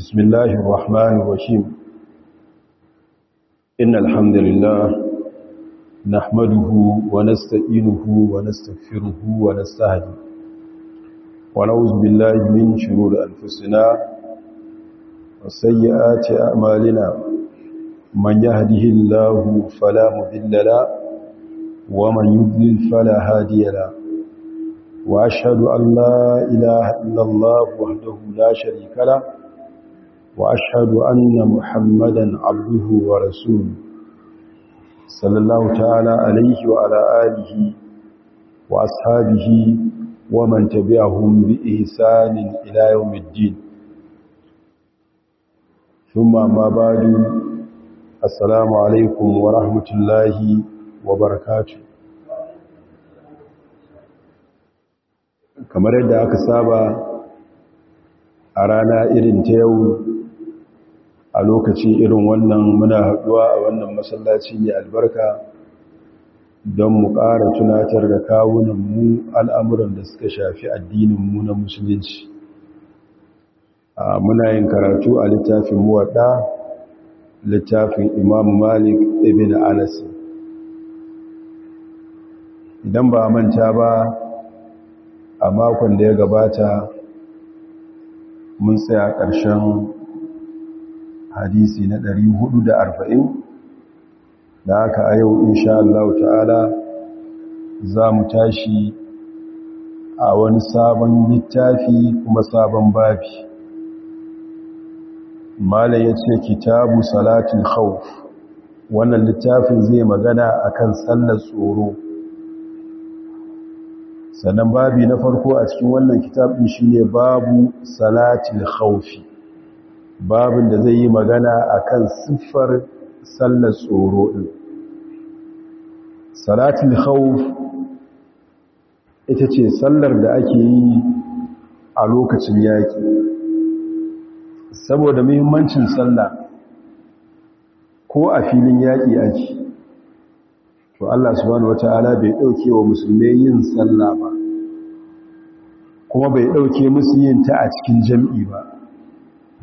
بسم الله الرحمن الرحيم إن الحمد لله نحمده ونستئنه ونستغفره ونستهدي ونعوذ بالله من شرور أنفسنا وسيئات أعمالنا من يهده الله فلا مذل له ومن يضلل فلا هادي له وأشهد أن لا إله إلا الله وحده لا شريك له وأشهد أن محمدا عبده ورسوله صلى الله تعالى عليه وعلى آله وأصحابه ومن تبعهم بإحسان إلى يوم الدين ثم ما بعد السلام عليكم ورحمة الله وبركاته kamar yadda aka saba a rana irin ta yau a lokaci irin wannan muna haɗuwa a wannan masallaci mai albarka don mu ƙara tunatar da kawunan mu al'amuran da suka shafi addinin mu na musulunci muna yin karatu a littafin muwaɗa littafin imam malik ibn alasi idan ba manta ba a makon da ya gabata mun tsaya ƙarshen hadisi na 440 da haka a yau insha Allah ta'ala za mu tashi a wani sabon littafi kuma sabon babi malam ya ce kitabu salatin khawf wannan littafin zai magana akan sallar tsoro sannan babi na farko a cikin wannan kitabin shine babu salatin khawfi babin da zai yi magana a kan siffar sallar tsoro din salatul khawf ita ce sallar da ake yi a lokacin yaƙi, saboda muhimmancin sallah ko a filin yaki ake to Allah subhanahu wata'ala bai dauke wa musulmai yin sallah ba kuma bai dauke musu yin ta a cikin jami'i ba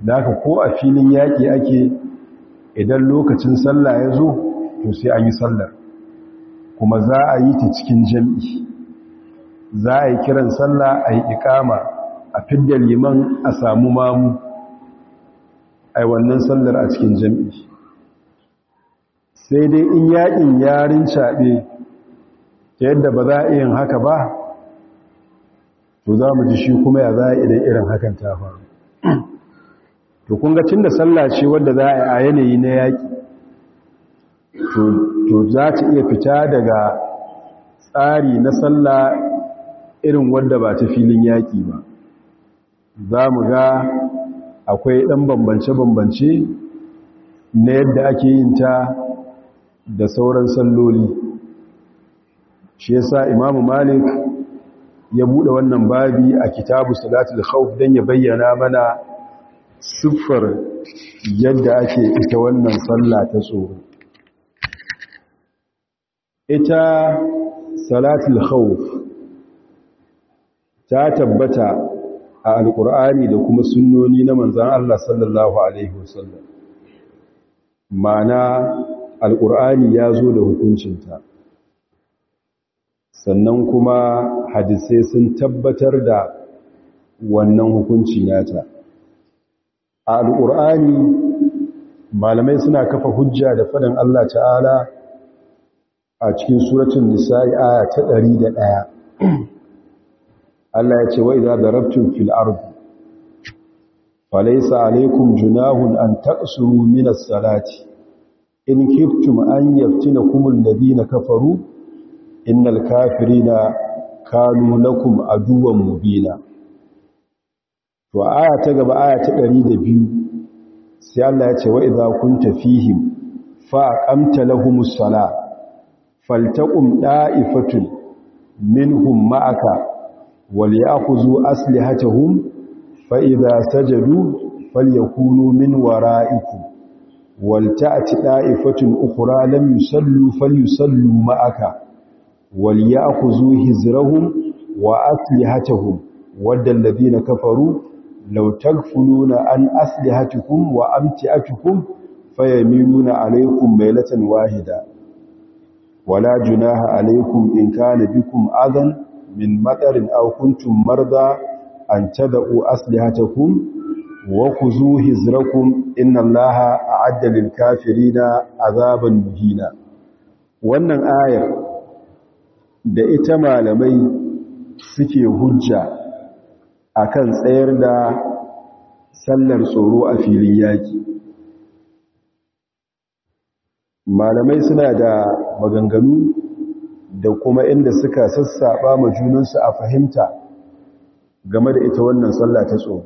da haka ko a filin yaƙi ake idan lokacin sallah ya zo to sai an yi sallar kuma za a yi ta cikin jami'i. za a yi kiran sallah a yi ikama a fidda liman a samu mamu a wannan sallar a cikin jami'i. sai dai in yaƙin yarin caɓe ta yadda ba za a yin haka ba to za mu ji shi kuma ya za a idan irin hakan ta faru to kun ga tunda sallah ce wanda za a yi a yanayi na yaƙi? to za ta iya fita daga tsari na sallah irin wanda ba ta filin yaƙi ba za mu ga akwai ɗan bambance-bambance na yadda ake yin ta da sauran salloli shi yasa imamu malik ya buɗe wannan babi a kitabu salatul khawf don ya bayyana mana siffar yadda ake ita wannan sallah ta tsoro ita salatul khawf ta tabbata a alkur'ani da kuma sunnoni na manzan Allah sallallahu alaihi wasallam ma'ana alkur'ani ya zo da hukuncinta sannan kuma hadisai sun tabbatar da wannan hukunci nata a alƙur'ani malamai suna kafa hujja da faɗin Allah ta'ala a cikin suratun nisa'i aya ta ɗari da ɗaya. Allah ya ce wa idza darabtum fil ardi falaysa alaikum junahun an taqsuru min as-salati in khiftum an yaftinakum alladhina kafaru innal kafirina kanu lakum aduwwan mubina to aya ta gaba aya ta 102 sai Allah ya ce wa idza kunta fihim fa aqamta lahumus sala faltaqum daifatun minhum ma'aka wal ya'khuzu aslihatahum fa idza sajadu kunu min wara'ikum walta'ati daifatun ukhra fal yusallu falyusallu ma'aka wal ya'khuzu hizrahum wa aslihatahum wadda alladhina kafaru lautar fununa an aslihatikum wa amti amti'atikum fayamiluna alaikum mai latan wahida wala junaha alaikum in kana bikum azan min matarin aw kuntum marda an tad'u aslihatakum wa khuzu hizrakum inna allaha a'adda lil kafirina zaben muhina wannan ayar da ita malamai suke hujja akan tsayar da sallar tsoro a filin yaƙi. malamai suna da maganganu da kuma inda suka sassaba ma junansu a fahimta game da ita wannan sallah ta tsoro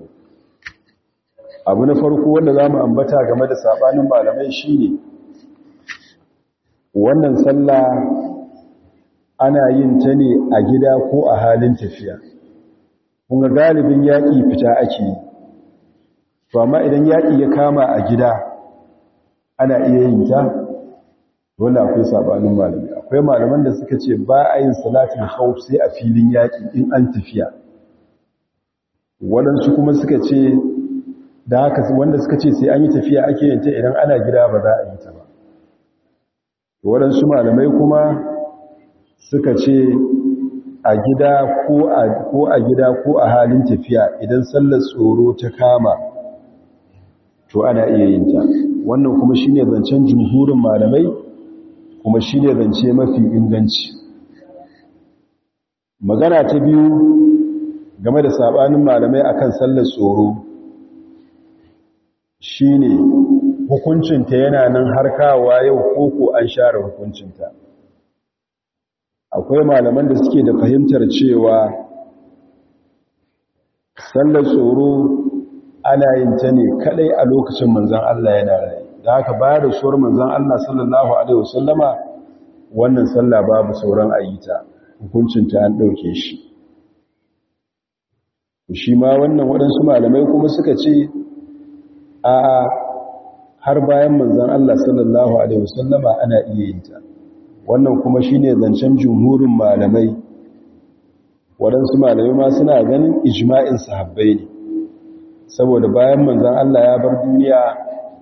abu na farko wanda za mu ambata game da saɓanin malamai shine wannan sallah ana yin ta ne a gida ko a halin tafiya kuma galibin yaƙi fita ake yi to amma idan yaƙi ya kama a gida ana iya yin ta wanda akwai sabanin malami akwai malaman da suka ce ba a yin salatin khawf sai a filin yaƙi in an tafiya waɗansu kuma suka ce da haka wanda suka ce sai an yi tafiya ake yin ta idan ana gida ba za a yi ta ba waɗansu malamai kuma suka ce a gida ko a gida ko a halin tafiya idan sallar tsoro ta kama to ana iya yin ta wannan kuma shine zancen jumhurin malamai kuma shine zance mafi inganci magana ta biyu game da sabanin malamai akan sallar tsoro shine hukuncin ta yana nan harkawa yau koko an share hukuncin ta. akwai malaman da suke da fahimtar cewa sallar tsoro ana yin ta ne kadai a lokacin manzan Allah yana rai da haka bayar da suwar manzan Allah sallallahu alaihi wasallama wannan sallah babu sauran ayyuta hukuncin ta an ɗauke shi shi ma wannan waɗansu malamai kuma suka ce a har bayan manzan Allah sallallahu alaihi wasallama ana iya yin ta wannan kuma shi ne zancen jumhurin malamai waɗansu malamai ma suna ganin ijma'in sahabbai ne saboda bayan manzon Allah ya bar duniya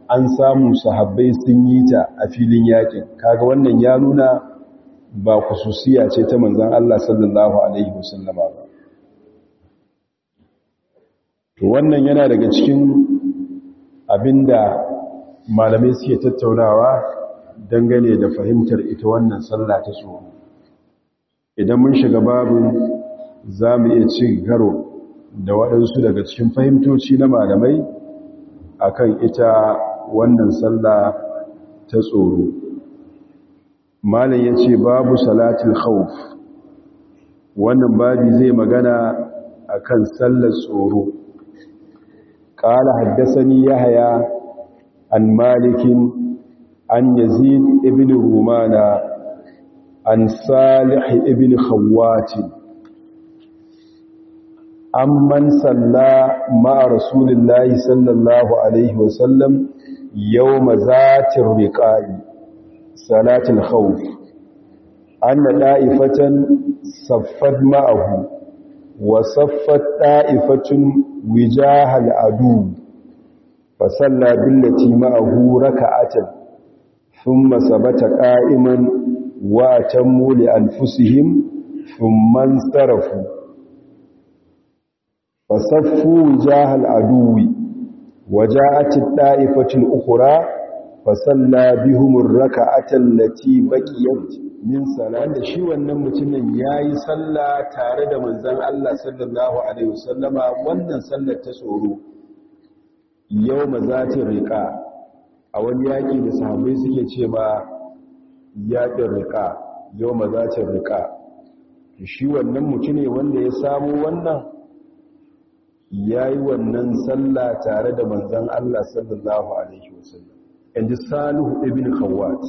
an samu sahabbai sun yi ta a filin yakin kaga wannan ya nuna ba kususiya ce ta manzon Allah sallallahu alaihi wasallama ba to wannan yana daga cikin abin da malamai suke tattaunawa dangane da fahimtar ita wannan sallah ta tsoro idan mun shiga babu za mu iya ci garo da waɗansu daga cikin fahimtoci na malamai akan ita wannan sallah ta tsoro malam ya ce babu salatin khawf wannan babi zai magana akan sallar tsoro قال حدثني يحيى عن مالك an yazid ibn rumana an salih ibn khawwatin amman salla ma'a rasulillahi sallallahu alaihi wasallam yawma zatir riqa'i salatul khawf anna da'ifatan saffat ma'ahu wa saffat da'ifatun wijahal adu fa salla billati ma'ahu raka'atan thumma sabata qa'iman wa tammu li anfusihim thumma sarafu fasaffu jahal aduwi وجاءت الطائفة الأخرى فصلى بهم الركعة التي بقيت من صلاة shi wannan mutumin yayi sallah tare da manzon Allah sallallahu alaihi wasallama wannan sallar ta tsoro yau mazatin riqa a wani yaƙi da sahabbai suke ce ma yaƙin riƙa yau mazacin riƙa shi wannan mutu ne wanda ya samu wannan ya yi wannan sallah tare da manzan Allah sallallahu Alaihi wasallam yanzu salihu ibn khawat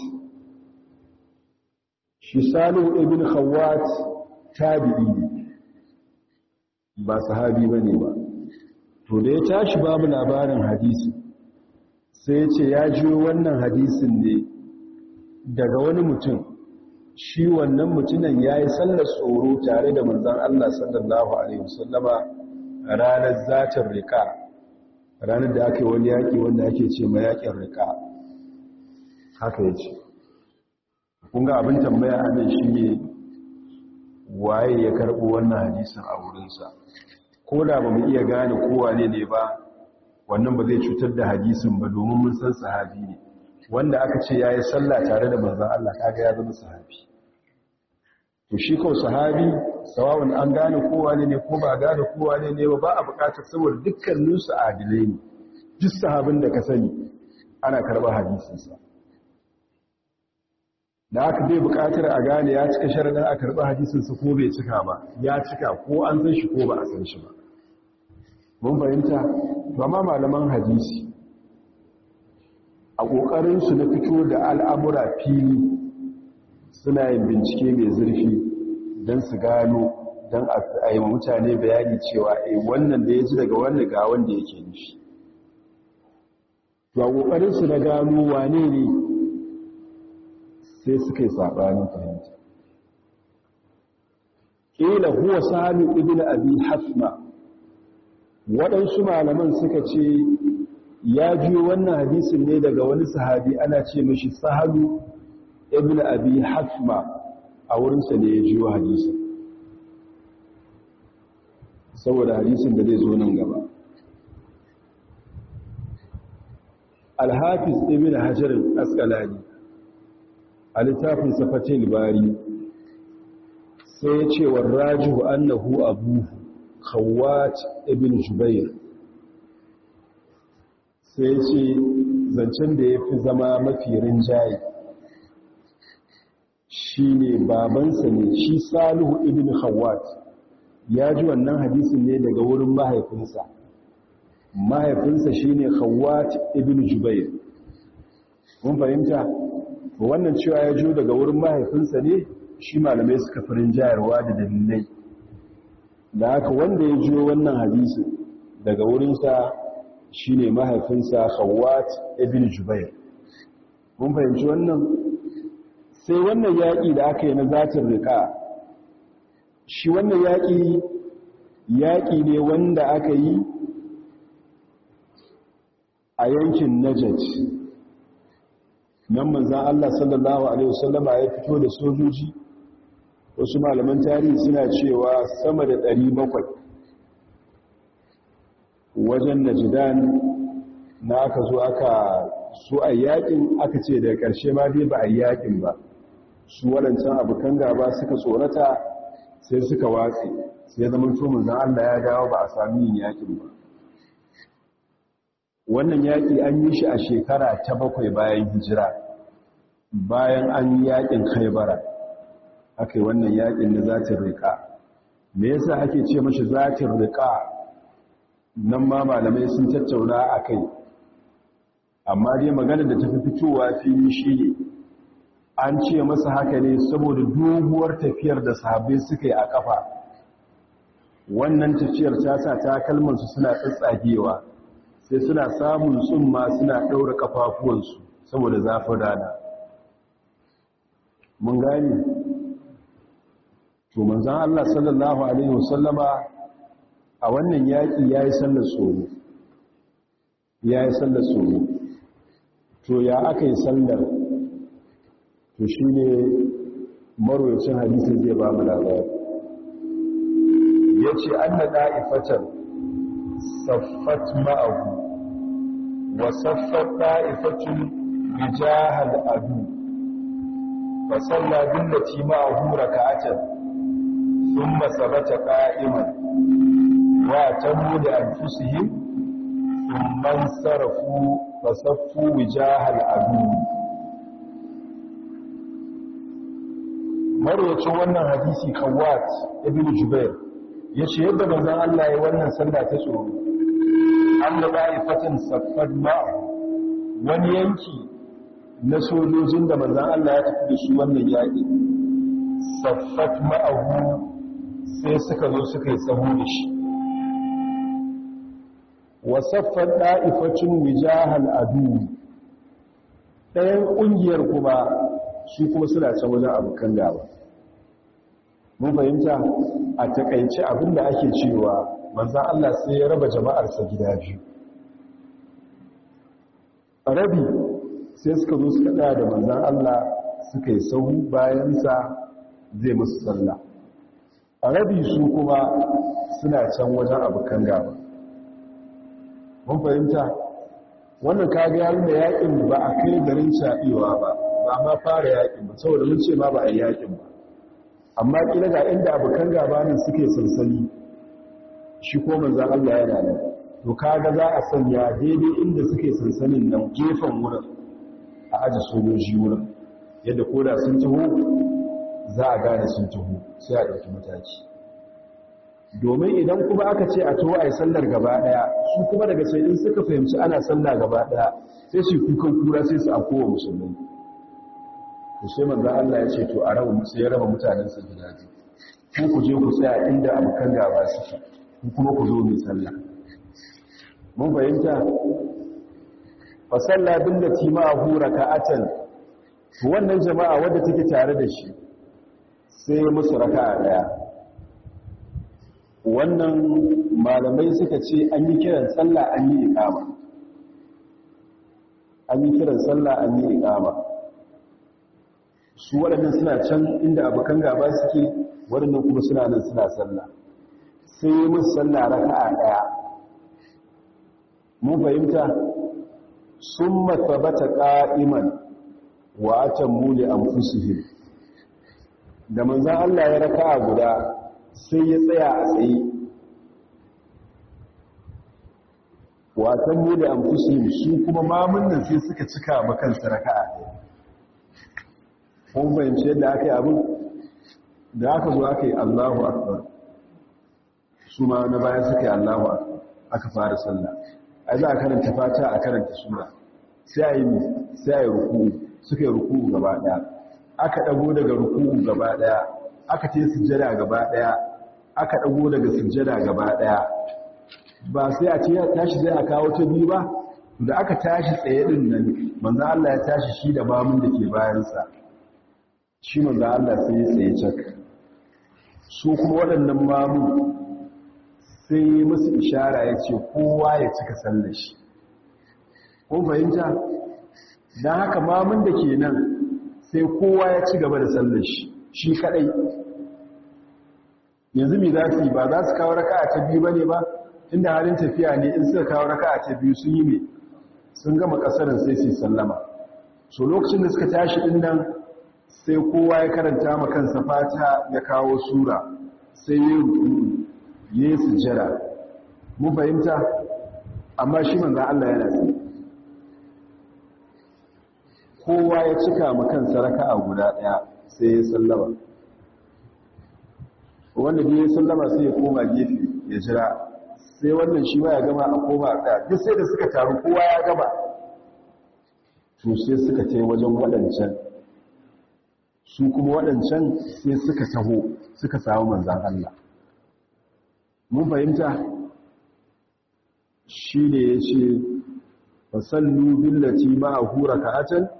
shi salihu ibn khawat tabi'i ne ba sahabi ba ne ba to da ya tashi babu labarin hadisi sai ce ya jiyo wannan hadisin ne daga wani mutum shi wannan mutumin ya yi sallar tsoro tare da manzan Allah sallallahu Alaihi wasallama ranar zatin rika ranar da aka yi wani yaƙi wanda ake ce ma yaƙin rika haka ya ce ƙunga abin tambaya abin shi ne waye ya karɓo wannan hadisin a wurinsa ko da ba mu iya gane kowa ne ne ba wannan ba zai cutar da hadisin ba domin mun san sahabi ne wanda aka ce ya yi sallah tare da manzan Allah kaga ya zama sahabi to shi ko sahabi sawawun an gane kowa ne ne ko ba gane kowa ne ne ba a bukatar saboda dukkaninsu adilai ne duk sahabin da ka sani ana karɓar hadisinsa da aka bai buƙatar a gane ya cika sharaɗa a karɓar hadisinsa ko bai cika ba ya cika ko an san shi ko ba a san shi ba mun fahimta ba ma malaman hadisi a ƙoƙarinsu na fito da al'amura fili suna yin bincike mai zurfi don su gano don a yi mutane bayani cewa a eh, wannan da ya ji daga wannan ga wanda yake nufi to a ƙoƙarinsu na gano wane ne sai suka yi saɓanin fahimta ƙila huwa sami ibn abi hasma waɗansu malaman suka ce ya biyo wannan hadisin ne daga wani sahabi ana ce mashi sahalu ibn abi hatma a wurinsa ne ya jiyo hadisin saboda hadisin da zai zo nan gaba alhafiz ibn Hajar, askalani a littafin safatil bari sai ya ce wa annahu abuhu khawat ibn jubair sai ce zancen da ya fi zama mafi rinjaye shi ne babansa ne shi salihu ibn khawat ya ji wannan hadisin ne daga wurin mahaifinsa mahaifinsa shi ne ibn jubair mun fahimta wannan cewa ya ji daga wurin mahaifinsa ne shi malamai suka fi rinjayarwa da dalilai da haka wanda ya jiyo wannan hadisi daga wurinsa shine mahaifinsa khawat ibn Jubair mun fahimci wannan sai wannan yaƙi da aka yi na zatin rika shi wannan yaƙi yaƙi ne wanda aka yi a yankin najat nan manzan Allah sallallahu Alaihi wasallama ya fito da sojoji wasu malaman tarihi suna cewa sama da 700 wajen najidan na aka zo aka su a yakin aka ce da ƙarshe ma dai ba a yakin ba su waɗancan abokan gaba suka tsorata sai suka watsi sai zama tumin zan allah ya dawo ba a sami yin yakin ba wannan yaƙi an yi shi a shekara ta bakwai bayan hijira bayan an yi yaƙin haibara aka yi wannan yakin na zatin riƙa me yasa ake ce mashi zatin riƙa nan ma malamai sun tattauna a kai amma dai maganar da tafi fitowa fili shi ne an ce masa haka ne saboda doguwar tafiyar da sahabbai suka yi a ƙafa. wannan tafiyar ta sa su suna tsatsagewa sai suna samun tsumma suna ɗaura kafafuwansu saboda zafin rana mun gani. to manzan Allah sallallahu alaihi wasallama a wannan yaƙi ya yi sallar tsoro ya yi sallar tsoro to ya aka yi sallar to shi ne marwacin hadisi zai ba mu labari ya ce an da ɗa'ifatar saffat ma'abu wa saffat ɗa'ifatun bijahal adu wa sallar dullaci ma'abu raka'atar sun masarata ƙa'iman wa ta bude su fusihim sun man sarrafu fasaffu wijahar abin marwacin wannan hadisi kawat ibn jubair ya ce yadda bazan allah ya wannan sanda ta tsoro an da ba'i saffar ma'a wani yanki na sojojin da manzan allah ya tafi da shi wannan yaƙi saffat ma'ahu sai suka zo suka yi tsawo da shi wasaffar ɗa'ifacin wijahal adu ɗayan ƙungiyar kuma shi kuma suna can wajen abokan gaba mun fahimta a takaice da ake cewa manzan Allah sai ya raba jama'arsa gida biyu rabi sai suka zo suka ɗaya da manzan Allah suka yi bayan bayansa zai musu sallah rabi su kuma suna can wajen abokan gaba mun fahimta wannan kaga ya da yakin ba a kai garin shaɗewa ba ba ma fara yaƙin ba saboda mun ce ma ba a yi yakin ba amma kila ga inda abokan gaba ne suke sansani shi ko manza Allah yana gane to kaga za a sanya daidai inda suke sansanin nan gefen wurin a aji sojoji wurin yadda koda sun taho za a gane sun tuhu sai a ɗauki mataki domin idan kuma aka ce a tuwa a yi sallar gaba ɗaya su kuma daga sai in suka fahimci ana sallah gaba ɗaya sai su kukan kura sai su akowa musulmi ku sai manzan Allah ya ce to a raba sai ya raba mutanen su gida ji ku ku je ku tsaya inda abokan gaba suke ku kuma ku zo mai sallah mun fahimta fa sallah billati ma hu raka'atan wannan jama'a wadda take tare da shi sai musu musu a daya wannan malamai suka ce an yi kiran sallah an yi ikama an yi kiran tsalla an yi ikama su waɗannan suna can inda abokan gaba suke waɗannan kuma suna nan suna sallah sai yi musu sallah a ɗaya mun fahimta sun matabata ƙa'iman wa can mule an fusuhin da manzan Allah ya raka guda sai ya tsaya a tsaye wasan ne da amfushi shi kuma mamun nan sai suka cika bakan saraka a ɗaya kun fahimci yadda aka yi abin da aka zo aka yi allahu akbar su ma na bayan suka yi allahu aka fara sallah a za a karanta fata a karanta suna sai a yi sai a yi ruku suka yi ruku gaba ɗaya aka ɗago daga ruku'u gaba ɗaya. aka ce sujjada gaba ɗaya. aka ɗago daga sujjada gaba ɗaya. ba sai a ce ya tashi zai a kawo ta biyu ba da aka tashi tsaye din nan manzo Allah ya tashi shi da bamun da ke bayansa. shi manzo Allah sai ya tsaye cak su kuma waɗannan bamun sai musu ishara ya ce kowa ya cika sallashi. kun fahimta don haka mamun da ke nan sai kowa ya ci gaba da sallar shi shi kadai yanzu me za su yi ba za su kawo raka'a ta biyu bane ba inda halin tafiya ne in suka kawo raka'a ta biyu sun yi me sun gama kasarin sai su sallama so lokacin da suka tashi din nan sai kowa ya karanta ma kansa fata ya kawo sura sai ya ruku ya sujjara mun fahimta amma shi manzo Allah yana tsaye kowa ya cika ma saraka a guda daya sai ya sallama wanda biyu ya sallama sai ya koma gefe ya jira sai wannan shi ma ya gama a koma a daya duk sai da suka taru kowa ya gama to sai suka ce wajen waɗancan su kuma waɗancan sai suka taho suka samu manzan Allah mun fahimta shi ne ya ce fasallu billaci ma'ahu ka'atan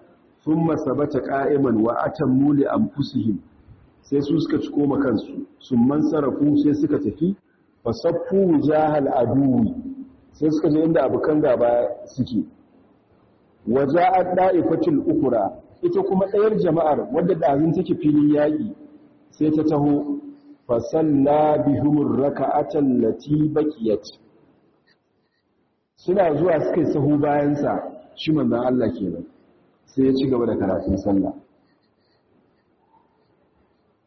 sun masabata ƙa'iman wa atan muli anfusihim fusihim sai su suka ci koma kansu sun man sarafu sai suka tafi fasaffu jahal aduwi sai suka je inda abokan gaba suke waje a ɗa'ifatul ukura ita kuma ɗayar jama'ar wadda ɗazin take filin yaƙi sai ta taho fasalla bihumin raka'atan lati baqiyat suna zuwa suka yi sahu bayansa shi manzon Allah kenan sai ya ci gaba da karatun sallah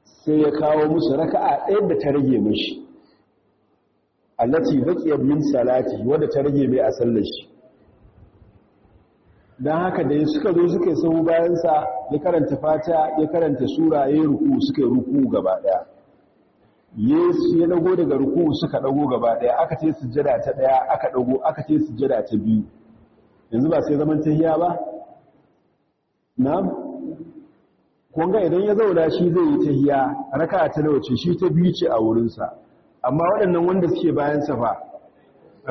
sai ya kawo musu raka'a ɗaya da ta rage mashi allati baqiya min salati wanda ta rage mai a sallar shi dan haka da suka zo suka sahu bayan sa ya karanta fata ya karanta sura ya ruku suka ruku gaba daya yes ya dago daga ruku suka dago gaba daya aka ce sujjada ta daya aka dago aka ce sujjada ta biyu yanzu ba sai zaman tahiya ba na'am kunga idan ya zauna shi zai yi tahiya raka'a ta nawa ce shi ta biyu ce a wurin amma waɗannan wanda suke bayan sa fa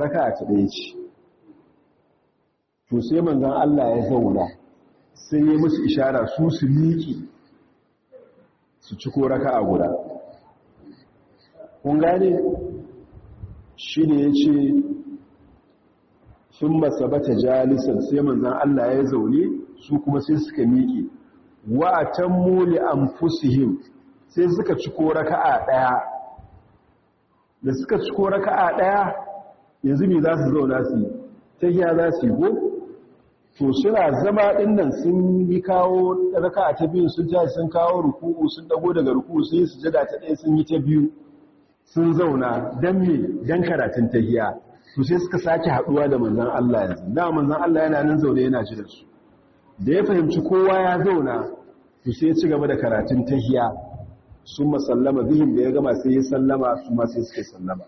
raka'a ta ɗaya ce to sai manzon Allah ya zauna sai ya musu ishara su su miƙi su ci ko raka'a guda kun gane shi ne ya ce sun masa bata jalisan sai manzan Allah ya zaune su kuma sai suka miƙe wa moli an anfusihim sai suka ci ciko raka'a ɗaya, da suka ci koraka a ɗaya, yanzu me za su zauna su yi za su yi ko? to suna zama ɗin nan sun yi kawo raka'a ta biyu sun ja sun kawo ruku'u sun dago daga ruku'u sun yi sujada ta ɗaya sun yi ta biyu sun zauna don mai don karatun tahiya to sai suka sake haɗuwa da manzan Allah yanzu da manzan Allah yana nan zaune yana jiransu. su da ya fahimci kowa ya zauna to sai ya ci gaba da karatun tahiya sun masallama bihin da ya gama sai ya sallama su ma sai suke sallama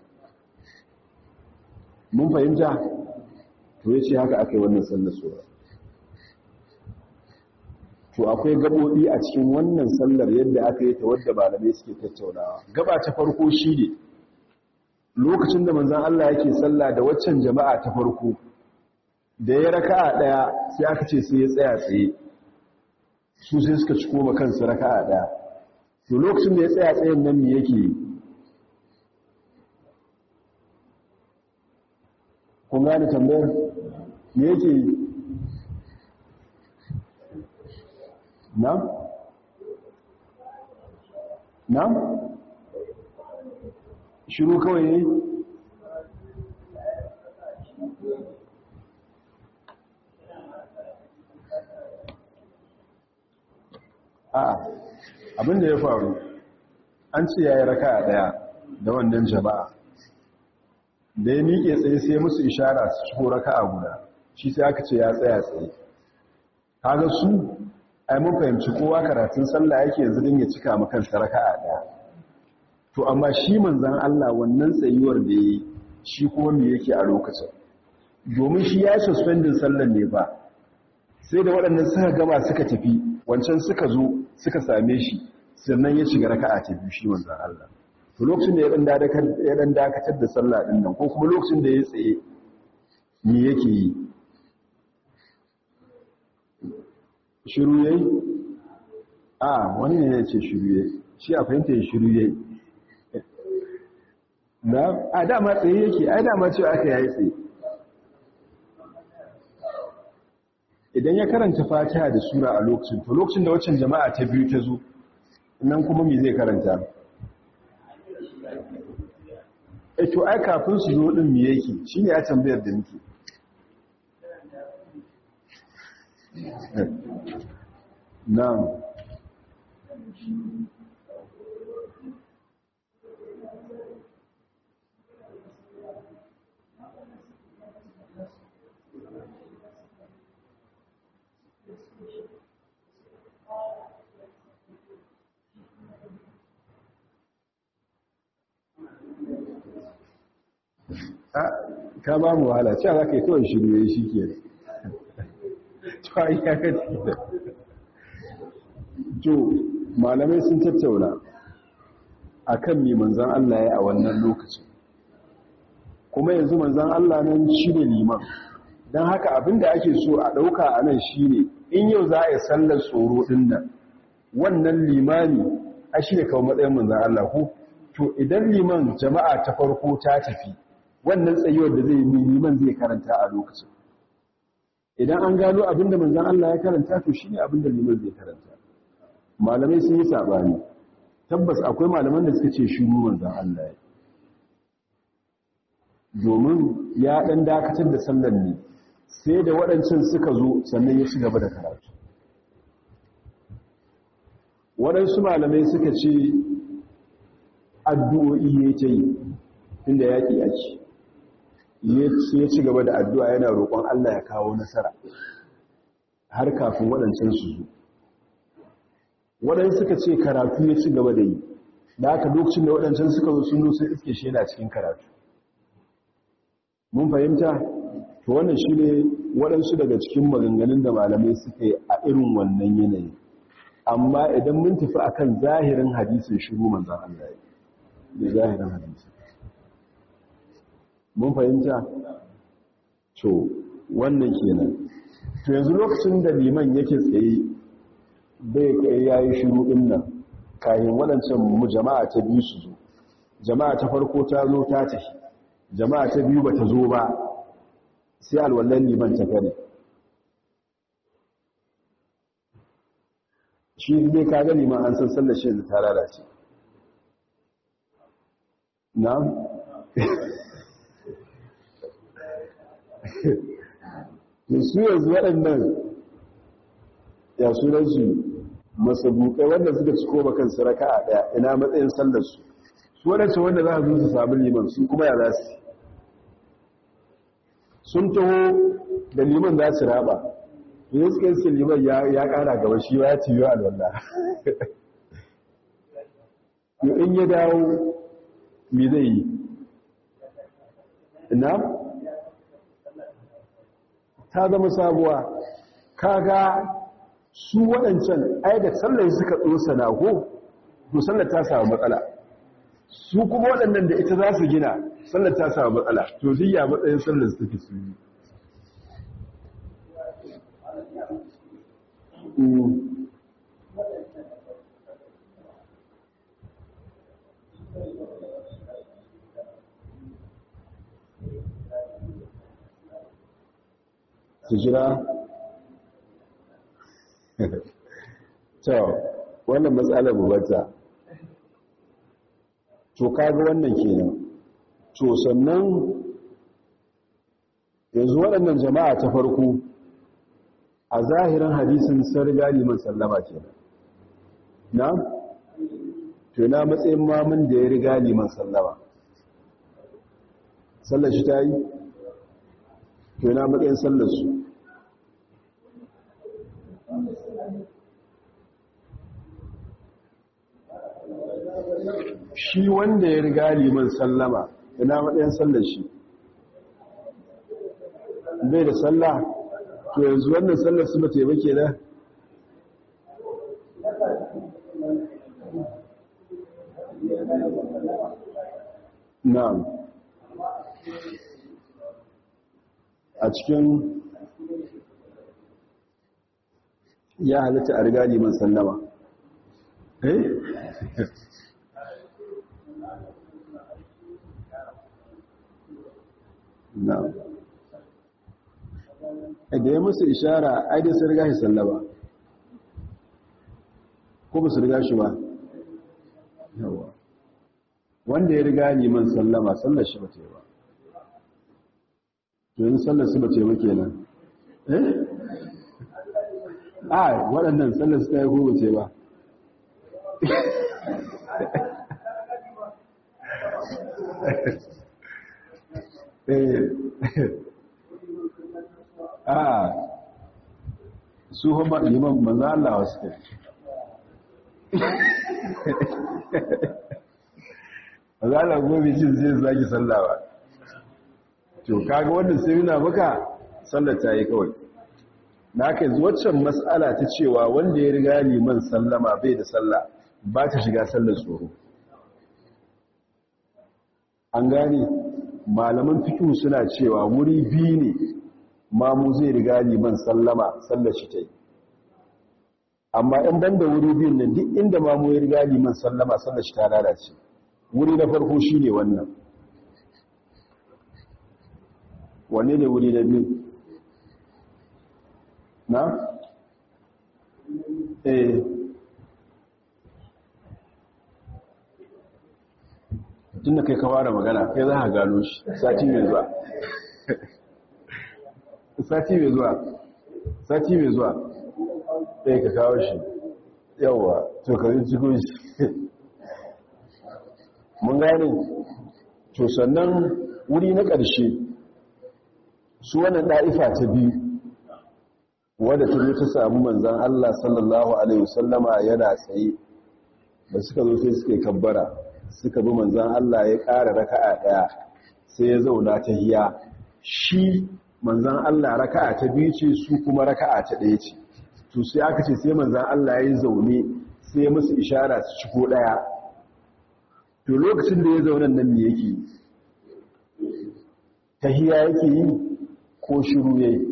mun fahimta to ya ce haka aka yi wannan sallar to akwai gaɓoɓi a cikin wannan sallar yadda aka yi ta wadda malamai suke tattaunawa gaba ta farko shi ne lokacin da manzan Allah yake sallah da waccan jama'a ta farko da ya raka a ɗaya sai aka ce sai ya tsaya tsaye su sai suka ciko ma kansu a ɗaya. to lokacin da ya tsaya tsayen nan me yake kun gane tambayar me yake na na shiru kawai a'a abin da ya faru an ce yayi raka'a ɗaya, da wannan jama'a da ya miƙe tsaye sai musu ishara su shigo raka'a guda shi sai aka ce ya tsaya tsaye kaga su ai mun fahimci kowa karatun sallah yake yanzu din ya cika maka raka'a ɗaya. to amma shi manzon Allah wannan tsayuwar da yayi shi kuma me yake a lokacin domin shi ya suspendin sallar ne ba sai da waɗannan suka gama suka tafi wancan suka zo suka same shi sannan ya shiga raka'a ta biyu shi manzon Allah to lokacin da ya dan dakatar ya dan da sallah din nan ko kuma lokacin da ya tsaye me yake yi shiru yayi a wani ne ya ce shiru yayi shi a fahimta ya shiru yayi na a dama tsaye yake a dama cewa aka yayi tsaye idan ya karanta fatiha da sura a lokacin to lokacin da waccan jama'a ta biyu ta zo nan kuma me zai karanta e to ai kafin su zo din me yake shine a tambayar da muke eh, na'am ka ba mu wahala cewa za ka yi kawai shiru shi ke to malamai sun tattauna a kan manzan Allah ya a wannan lokacin kuma yanzu manzan Allah nan shi ne liman don haka abinda ake so a ɗauka a nan shi ne in yau za a yi sallar tsoro ɗin nan wannan limani a shi ne kawo matsayin manzan Allah ko to idan liman jama'a ta farko ta tafi wannan tsayuwar da zai yi liman zai karanta a lokacin idan an gano abinda manzon Allah ya karanta to shine abinda liman zai karanta malamai sun yi sabani tabbas akwai malaman da suka ce shiru manzon Allah ya domin ya dan dakatar da sallar ne sai da waɗancan suka zo sannan ya ci gaba da karatu waɗansu malamai suka ce addu'o'i ya ta yi inda yaƙi ake ya ci gaba da addu'a yana roƙon Allah ya kawo nasara har kafin waɗancan su zo waɗansu suka ce karatu ya ci gaba da yi da aka lokacin da waɗancan suka zo sun iske shi yana cikin karatu mun fahimta to wannan shi ne waɗansu daga cikin maganganun da malamai suka yi a irin wannan yanayi amma idan mun tafi akan zahirin hadisin shiru manzan Allah ya zahirin hadisin mun fahimta to wannan kenan to yanzu lokacin da liman yake tsaye bai kai yayi shiru din nan kayan waɗancan mu jama'a ta biyu su zo jama'a ta farko ta zo ta tafi jama'a ta biyu bata zo ba sai alwallan liman ta kare shi ne ka ga liman an san sallar shi da ta lalace na'am to su yanzu waɗannan ya sunansu masabukai wanda suka ci koma kan saraka a ɗaya ina matsayin sallarsu su su wanda za a zo su samu liman su kuma ya za su sun taho da liman za su raba yin suka yi liman ya ƙara gaba shi ya ci yi yi in ya dawo me zai yi na ta zama sabuwa kaga su waɗancan ai da sallar suka dosa na ko to sallar ta samu matsala su kuma waɗannan da ita za su gina sallar ta samu matsala to ziyya matsayin sallar su take su yi mm. hijira to wannan matsalar babata to kaga wannan kenan to sannan yanzu waɗannan jama'a ta farko a zahirin hadisin sun riga liman sallama ke na? to na matsayin mamun da ya riga liman sallama sallar shi ta yi? to na matsayin sallar su shi wanda ya riga liman sallama ina matsayin sallar shi bai da sallah to yanzu wannan sallar su mace Na da a cikin ya halatta a riga liman sallama eh? na'am eh, da ya musu ishara ai dai sun riga shi sallaba ko ba su riga shi ba yawa wanda ya riga man sallama sallar shi ba ce ba to yin sallar su ba ce yi ba kenan eh ai waɗannan sallar su ta yi ko ba ce ba Thank you. Eh, a ah, su ba liman maza Allah wasu ta maza Allah gobe jin zai zaki sallawa to kaga wannan sai yana maka sallar ta yi kawai na kai yi waccan matsala ta cewa wanda ya riga liman sallama bai da sallah ba ta shiga sallar tsoro an gane malaman fikihu suna cewa wuri biyu ne mamu zai riga liman sallama sallar shi ta yi amma in ban da wuri biyun nan duk inda mamu ya riga liman sallama sallar shi ta lalace wuri na farko shi ne wannan wanne ne wuri na biyu na? eh tun da kai ka fara magana kai za a gano shi sati mai zuwa sati mai zuwa sati mai zuwa ɗaya eh, ka kawo shi yawwa to ka zai cikin shi mun gane to sannan wuri na ƙarshe su wannan ɗa'ifa ta biyu wadda ta zo ta samu manzan Allah sallallahu Alaihi wasallama yana tsaye da suka zo sai suke kabbara suka bi manzan Allah ya ƙara raka'a ɗaya sai ya zauna ta hiya shi manzan Allah raka'a ta biyu ce su kuma raka'a ta ɗaya ce to sai aka ce sai manzan Allah ya yi zaune sai musu ishara su ciko ɗaya to lokacin da ya zaunan nan ne yake ta hiya yake yi ko shiru ya yi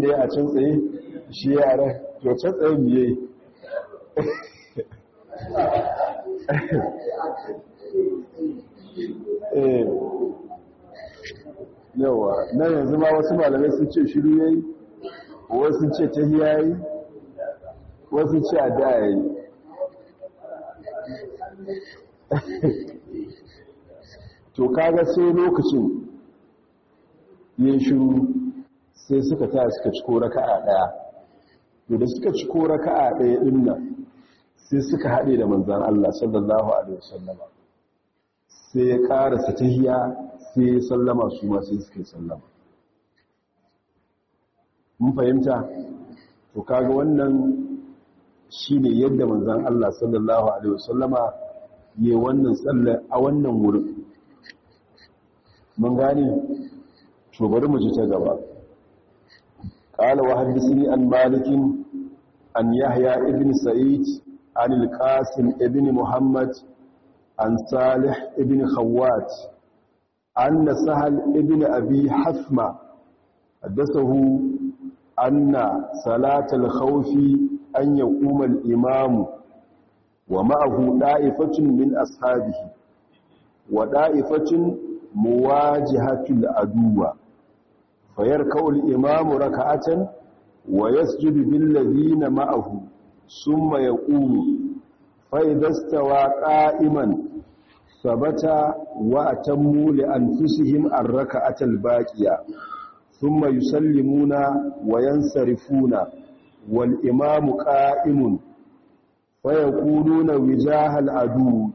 da ya a can tsaye shi yaran to can tsaye mu yi eh, yawa na yanzu ma wasu malamai sun ce shiru ya yi wasu ce ta hiya yi wasu ce a da ya yi to kaga sai lokacin yin shiru sai suka ta suka ci ko a daya to da suka ci ko raka'a ɗaya ɗin nan sai suka haɗe da manzan Allah sallallahu alaihi wasallama sai ya ƙara satahiyya sai ya sallama su ma sai suka sallama mun fahimta to kaga wannan shine yadda manzan Allah sallallahu alaihi wasallama ya wannan tsalle a wannan wurin mun gane to bari mu ji ta gaba قال وحدثني عن مالك عن يحيى ابن سعيد عن القاسم ابن محمد عن صالح ابن خوات أن سهل ابن أبي حثمة حدثه أن صلاة الخوف أن يقوم الإمام ومعه دائفة من أصحابه ودائفة مواجهة الأدوة fayar kawul imamu raka'atan wa yasjudu bil ladina ma'ahu summa yaqumu fa idastawa qa'iman sabata wa atammu li anfusihim ar-raka'atal baqiya thumma yusallimuna wa yansarifuna wal imamu qa'imun fa yaquluna wijahal adu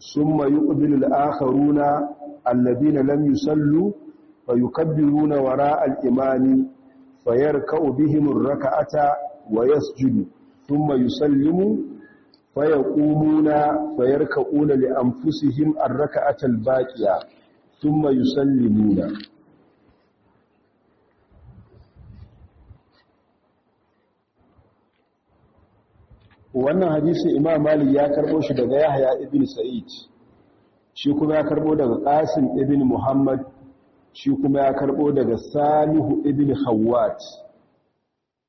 summa yuqbilu al-akharuna alladhina lam yusallu fa na wara al-imami fa yarka'u bihim ar-rak'ata wa yasjudu thumma yusallimu fa yaqumuna fa yarka'una li anfusihim ar-rak'ata al-baqiya thumma yusallimuna wannan hadisi imam malik ya karbo shi daga yahya ibn sa'id shi kuma ya karbo daga qasim ibn muhammad shi kuma ya karbo daga salihu ibn khawat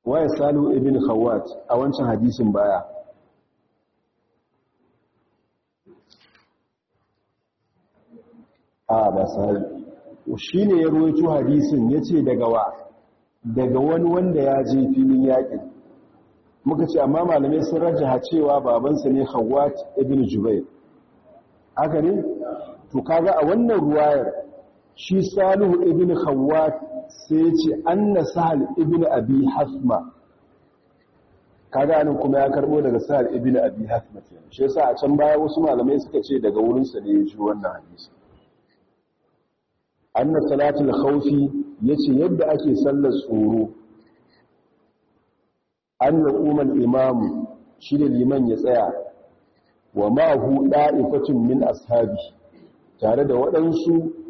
waye salihu ibn khawat a wancan hadisin baya a ba sai shi ne ya ruwaito hadisin yace daga wa daga wani wanda ya je filin yaƙin muka ce amma malamai sun rajaha cewa babansa ne khawat ibn jubair haka ne to kaga a wannan ruwayar shi salihu ibn khawwat sai ce anna sahal ibn abi hasma kaga nan kuma ya karbo daga sahal ibn abi hasma shi yasa a can baya wasu malamai suka ce daga wurin sa ne ya wannan hadisi anna salatul khawfi yace yadda ake sallar tsoro an yaqumal imamu shi da liman ya tsaya wa ma hu da'ifatun min ashabi tare da waɗansu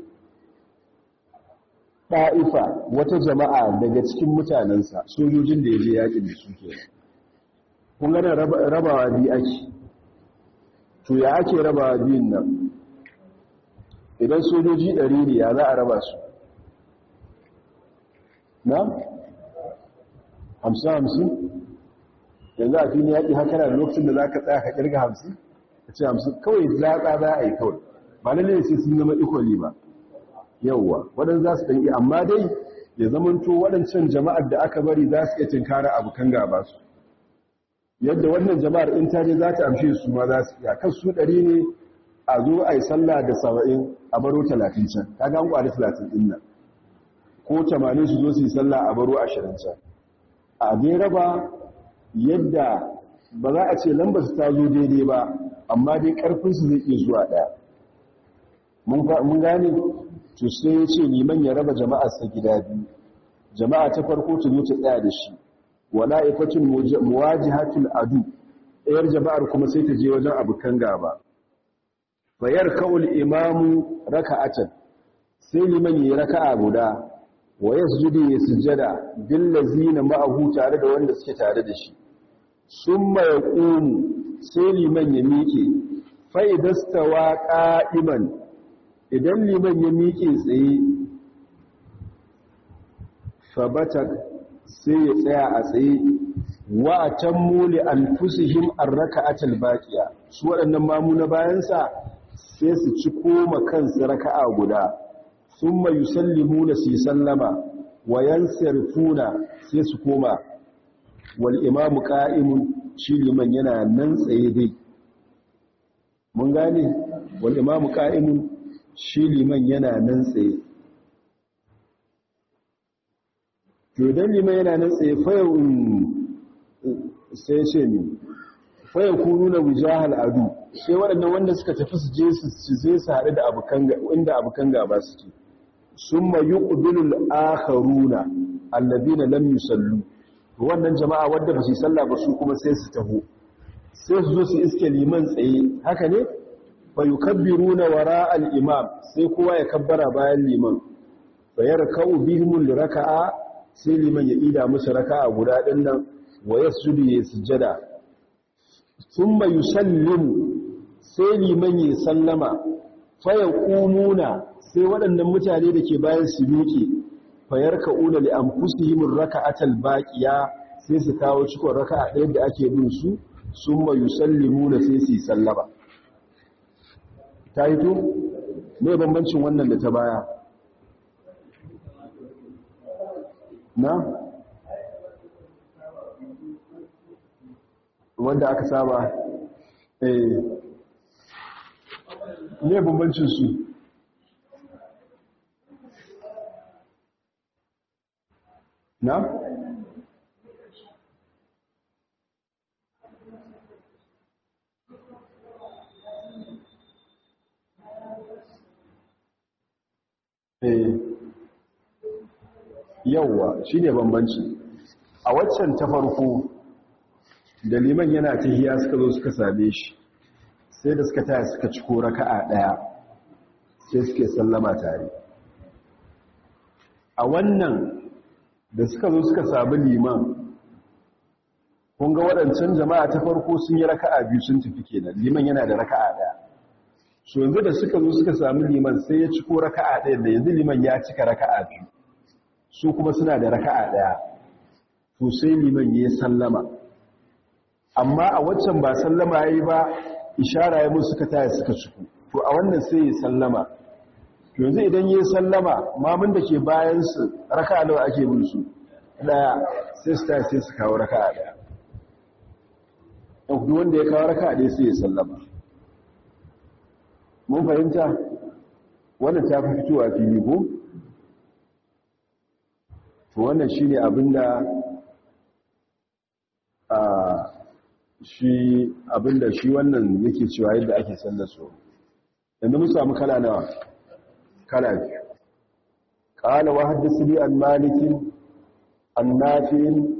ta’ifa wata jama'a daga cikin mutanensa sojojin da ya je yaƙi da suke ke kun gane rabawa biyu ake to ya ake rabawa biyun nan idan sojoji ɗari ne ya za a raba su na? hamsin-hamsin yanzu a fili yaƙi haka na lokacin da za ka tsaya ka ƙirga hamsin a ce hamsin kawai za a yi kawai ba na ne sai sun zama ikoli ba yauwa waɗanda za su ɗanyi amma dai ya zamanto waɗancan jama'ar da aka bari za su iya tinkara abokan gaba su yadda wannan jama'ar in ta je za ta amshe su ma za su iya kan su ɗari ne a zo a yi sallah da saba'in a baro talatin can ta ga kwari talatin ɗin nan ko tamanin su zo su yi sallah a baro ashirin can a je raba yadda ba za a ce lambar su ta zo daidai ba amma dai ƙarfinsu zai iya zuwa ɗaya mun gane to sai ya ce liman ya raba jama'ar sa gida biyu jama'a ta farko ta zo ta da shi wala ifatul muwajihatul adu ɗayar jama'ar kuma sai ta je wajen abukan gaba bayar ka'ul imamu raka'atan sai liman ya raka'a guda wa yasjudu ya sujjada billazina ma'ahu tare da wanda suke tare da shi summa yaqumu sai liman ya miƙe fa idastawa qa'iman idan liman ya miƙe tsaye fabata sai ya tsaya a tsaye wa a can muli alfusihim raka a baƙiya su waɗannan mamu na bayansa sai su ci koma kansu raka'a guda sun mai sallimu na su sallama wayan sarfuna sai su koma wal imamu ƙa'imun shi liman yana nan tsaye dai mun gane wal imamu ƙa'imun shi liman yana nan tsaye jodan liman yana nan tsaye sai ce ne faya kunu na wujahal adu sai waɗannan wanda suka tafi su je su zai su haɗu da inda abokan gaba suke sun mayu ƙudulul akharuna allabina lam sallu. wannan jama'a wadda ba su yi ba su kuma sai su taho sai su zo su iske liman tsaye haka ne fa na wara al sai kowa ya kabbara bayan liman fa da raka raka'a sai liman ya ida musu raka'a guda ɗin nan wa yasjudu ya sujada thumma yusallimu sai liman ya sallama fa yaqumuna sai waɗannan mutane da ke bayan su Fayar fa yi mun raka raka'atal talbaƙiya sai su kawo cikon raka'a ɗaya da ake bin su Sun summa na, sai su yi sallama ta yi to mai bambancin wannan da ta baya na wanda aka saba eh ne bambancin su na yawwa shi ne bambanci a waccan ta farko da liman yana tahiya suka zo suka same shi sai da suka taya suka ci ciko a ɗaya, sai suke sallama tare a wannan da suka zo suka sami liman kun ga waɗancan jama'a ta farko sun yi raka'a biyu sun tafi kenan liman yana da raka'a ɗaya. so yanzu da suka zo suka sami liman sai ya ci ciko raka'a ɗaya, da yanzu liman ya cika raka'a biyu su kuma suna da raka'a daya to sai liman ya sallama amma a waccan ba sallama yayi ba ishara ya musu suka taya suka ciku to a wannan sai ya sallama to yanzu idan ya sallama mamun da ke bayan su raka'a nawa ake bin su daya sai su taya sai su kawo raka'a daya duk wanda ya kawo raka'a daya sai ya sallama mun fahimta wannan ta fi fitowa fili ko wannan shi ne abinda a shi abinda shi wannan yake cewa yadda ake sallar tsoro yanzu mun samu kala nawa kala biyu qala wa haddathani an malik an nafi'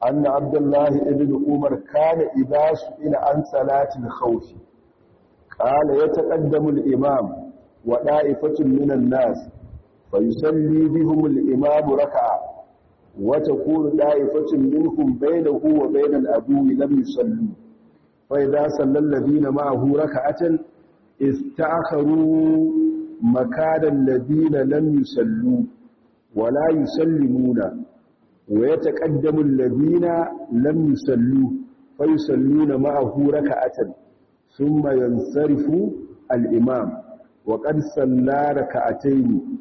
anna abdullahi ibn umar kana idza ila an salatil khawf qala ya al imam wa da'ifatun minan nas فيصلي بهم الإمام ركعة وتكون دائفة منهم بينه وبين الأبو لم يصلوا فإذا صلى الذين معه ركعة استأخروا مكان الذين لم يصلوا ولا يسلمون ويتقدم الذين لم يصلوا فيصلون معه ركعة ثم ينصرف الإمام وقد صلى ركعتين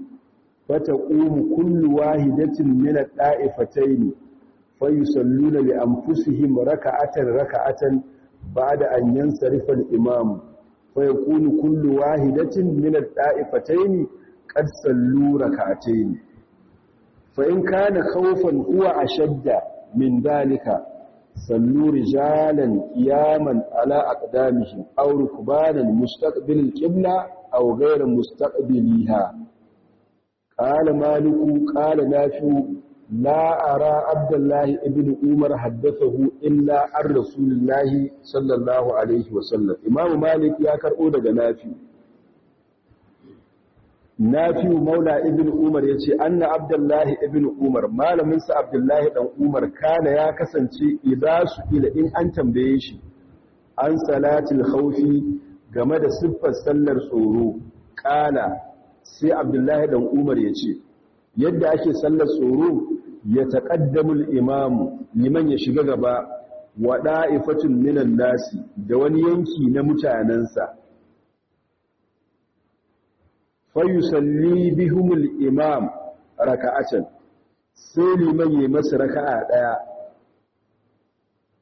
فتقوم كل واحدة من الطائفتين فيصلون لأنفسهم ركعة ركعة بعد أن ينصرف الإمام فيكون كل واحدة من الطائفتين قد صلوا ركعتين فإن كان خوفا هو أشد من ذلك صلوا رجالا قياما على أقدامهم أو ركبانا مستقبل القبلة أو غير مستقبليها قال مالك قال نافع لا أرى عبد الله ابن عمر حدثه إلا عن رسول الله صلى الله عليه وسلم إمام مالك يا daga نافع نافع مولى ابن عمر yace anna عبد الله ابن عمر malamin sa Abdullahi dan Umar kana ya kasance idan su ila in an tambaye shi an salatul khawfi game da siffar sallar tsoro ƙala. sai abdullahi dan umar ya ce yadda ake sallar tsoro ya taƙaddamul imamu liman ya shiga gaba wa ɗa'ifatun minan nasi da wani yanki na mutanensa fayusalli bihumul imam raka'atan sai liman ya masa raka'a ɗaya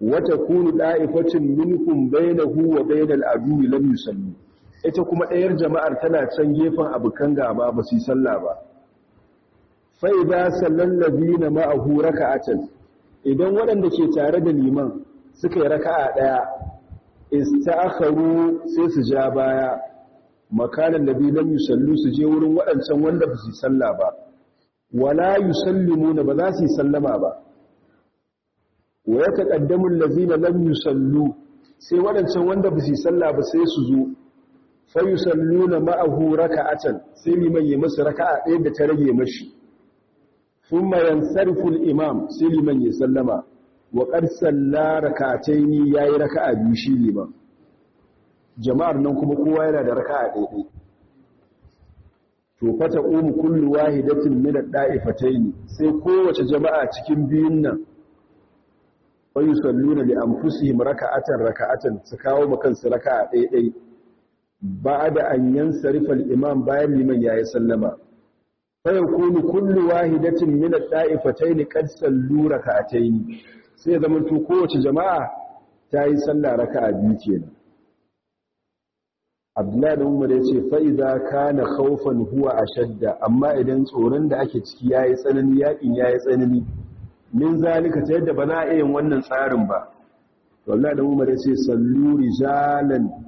wata kunu ɗa'ifatun minkum bainahu wa bainal al'adu lam yusalli ita kuma ɗayar jama'ar tana can gefen abokan gaba ba su yi sallah ba fai ba sallan labina ma'ahu raka'atan idan waɗanda ke tare da liman suka yi raka'a ɗaya ista'akharu sai su ja baya makalan labi na musallu su je wurin waɗancan wanda ba su yi sallah ba wala yusallimuna ba za su yi sallama ba wa yataqaddamu allazina lam yusallu sai waɗancan wanda ba su yi sallah ba sai su zo fayusalluna ma'ahu raka'atan sai liman ya masa raka'a ɗaya da ta rage mashi kuma yansarifu imam sai liman ya sallama wa qad salla raka'ataini yayi raka'a biyu shi liman jama'ar nan kuma kowa yana da raka'a ɗaya ɗaya to ta umu kullu wahidatin min ad-da'ifataini sai kowace jama'a cikin biyun nan fayusalluna li anfusihim raka'atan raka'atan su kawo su raka'a ɗaya ɗaya da an anyan al-imam bayan liman yi sallama fa yakunu kullu wahidatin min at-ta'ifatayn qad sallu rak'atayn sai zaman to kowace jama'a ta yi sallah raka'a biyu kenan Abdullahi da Umar yace fa idza kana khawfan huwa ashadda amma idan tsoron da ake ciki yayi tsanani yakin yayi tsanani min zalika ta yadda ba za a yin wannan tsarin ba wallahi da Umar yace sallu rijalan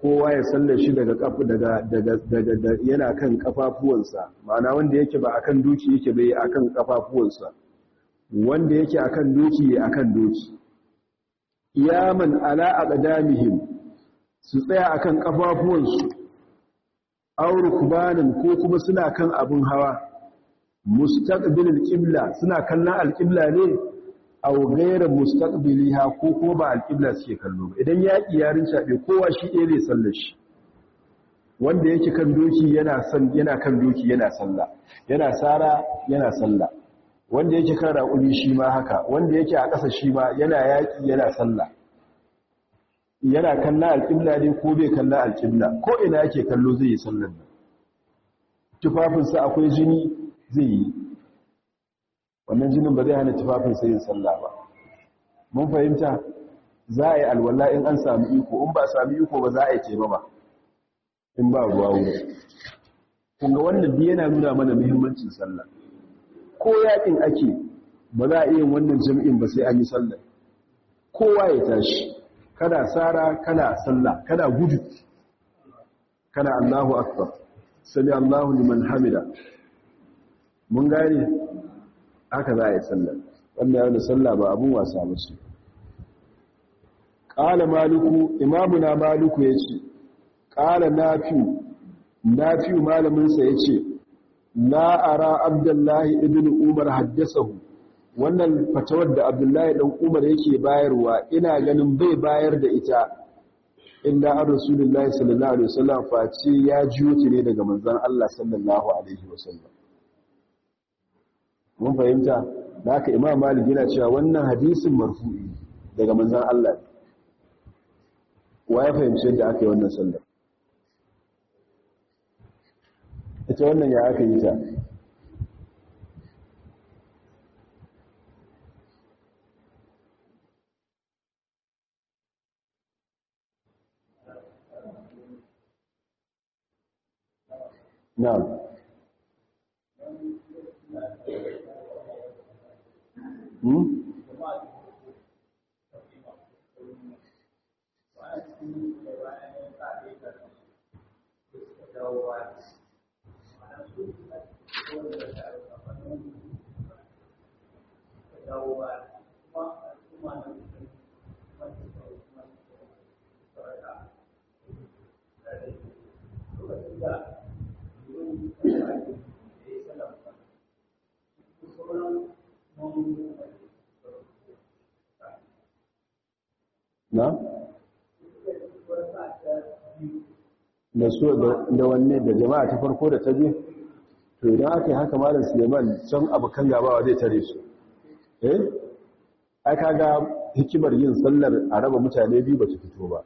kowa ya sallar shi daga kafa daga daga yana kan kafafuwansa ma'ana wanda yake ba akan duki yake bai akan kafafuwansa wanda yake akan duki ya akan Ya man ala aqdamihim su tsaya akan kafafuwansu auru kubanin ko kuma suna kan abun hawa mustaqbilul qibla suna kallon alqibla ne au gaira mustaqbiliha ko kuma ba al-qibla suke kallo ba idan yaki yarin shabe kowa shi ɗaya zai sallar shi wanda yake kan doki yana san yana kan doki yana sallah yana sara yana sallah wanda yake kan raquli shi ma haka wanda yake a ƙasa shi ma yana yaki yana sallah yana kalla alƙibla dai ko bai kalla alƙibla ko ina yake kallo zai yi sallar nan tufafinsa akwai jini zai yi wannan jinin ba zai hana tufafin sai yin sallah ba mun fahimta za a yi alwala in an sami iko in ba samu iko ba za a yi ce ba in ba ruwa wuri kun wannan biyu yana nuna mana muhimmancin sallah ko yakin ake ba za a iya wannan jami'in ba sai an yi sallah kowa ya tashi kana sara kana sallah kana gudu kana Allahu akbar sami Allahu liman hamida mun gane haka za a yi sallar ya yana sallah ba abun wasa ba ce ƙala maluku imamuna maluku ya ce ƙala na nafiu malaminsa ya ce na ara abdullahi ibn umar haddasahu wannan fatawar da abdullahi dan umar yake bayarwa ina ganin bai bayar da ita inda an rasulullahi sallallahu alaihi wasallam face ya jiyo ne daga manzon Allah sallallahu alaihi wasallam mun fahimta da haka imam malik yana cewa wannan hadisin marfu'i daga manzon Allah wa ya fahimci yadda aka yi wannan sallar ita wannan ya aka yi ta na'am na? da su da wanne da jama'a ta farko da ta biyu to ake aka yi haka malam suleiman can abokan gabawa zai tare su eh aka ga hikimar yin sallar a raba mutane biyu ba su fito ba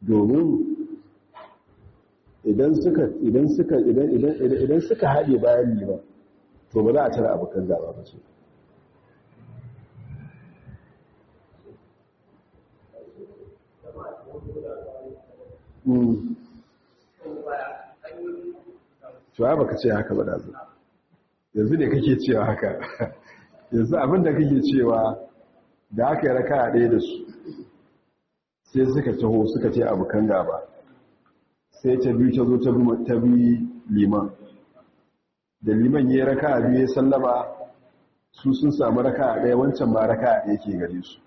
domin idan suka idan suka idan idan idan suka haɗe bayan liba to ba za a tara abokan gaba ba ce Mm. to ai baka ce haka ba da zu yanzu ne kake cewa haka yanzu abinda kake cewa da aka yi raka ɗaya da su sai suka taho suka ce abokan gaba sai ta biyu ta zo ta biyu liman da liman ya yi raka biyu ya sallama su sun samu raka ɗaya wancan ma raka ɗaya ke gare su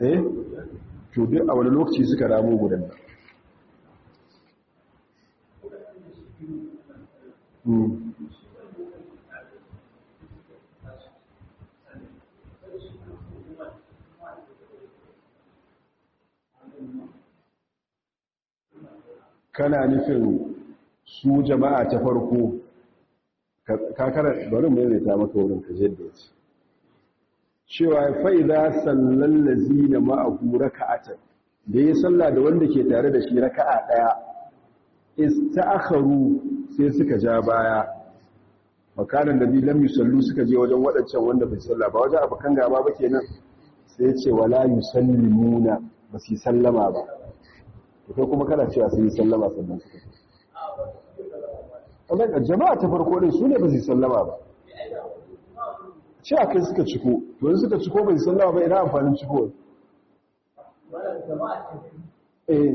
eh to duk a wani lokaci suka ramu gudanar kana nufin su jama'a ta farko kakar bari mu ne ta maka wurin ka jaddace cewa sallallazi na ma'a ma'ahu raka'atan da ya salla da wanda ke tare da shi raka'a daya ista'akharu sai suka ja baya makanan da lam yusallu suka je wajen wadancan wanda bai salla ba wajen abakan gaba ba kenan sai yace ce wala yusallimuna ba su sallama ba to kai kuma kana cewa sai sallama sannan suka Allah jama'a ta farko din su ne ba su sallama ba ce a kai suka ciko to in suka ciko bai sallama ba ina amfanin ciko eh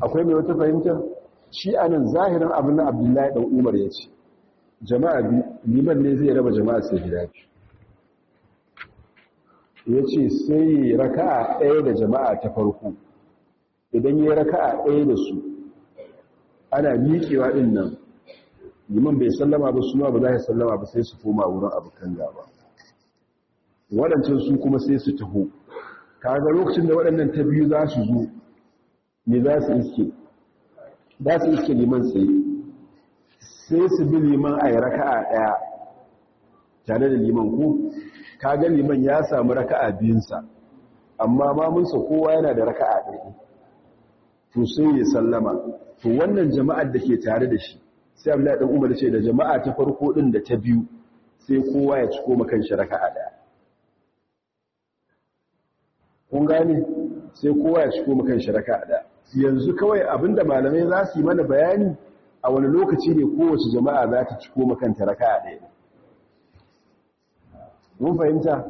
akwai mai wata fahimtar shi anan zahirin abin na abdullahi dan umar ya ce jama'a bi liman ne zai raba jama'a sai gida ya ce sai raka'a ɗaya da jama'a ta farko idan ya raka'a ɗaya da su ana miƙewa ɗin nan liman bai sallama ba su ma ba za ya sallama ba sai su koma wurin abokan gaba waɗancan su kuma sai su taho kaga lokacin da waɗannan ta biyu za su zo me za su iske za su iske liman tsaye sai su bi liman a yi raka'a ɗaya tare da liman ku kaga liman ya samu raka'a biyunsa amma mamunsa kowa yana da raka'a ɗaya to sai ya sallama to wannan jama'ar da ke tare da shi sai abdullahi ɗan umar ce da jama'a ta farko ɗin da ta biyu sai kowa ya ciko kan shi raka'a daya kun gane sai kowa ya ciko kan shi raka'a daya yanzu kawai abinda malamai za su yi mana bayani a wani lokaci ne kowace jama'a za ta ciko makanta raka a ɗaya mun fahimta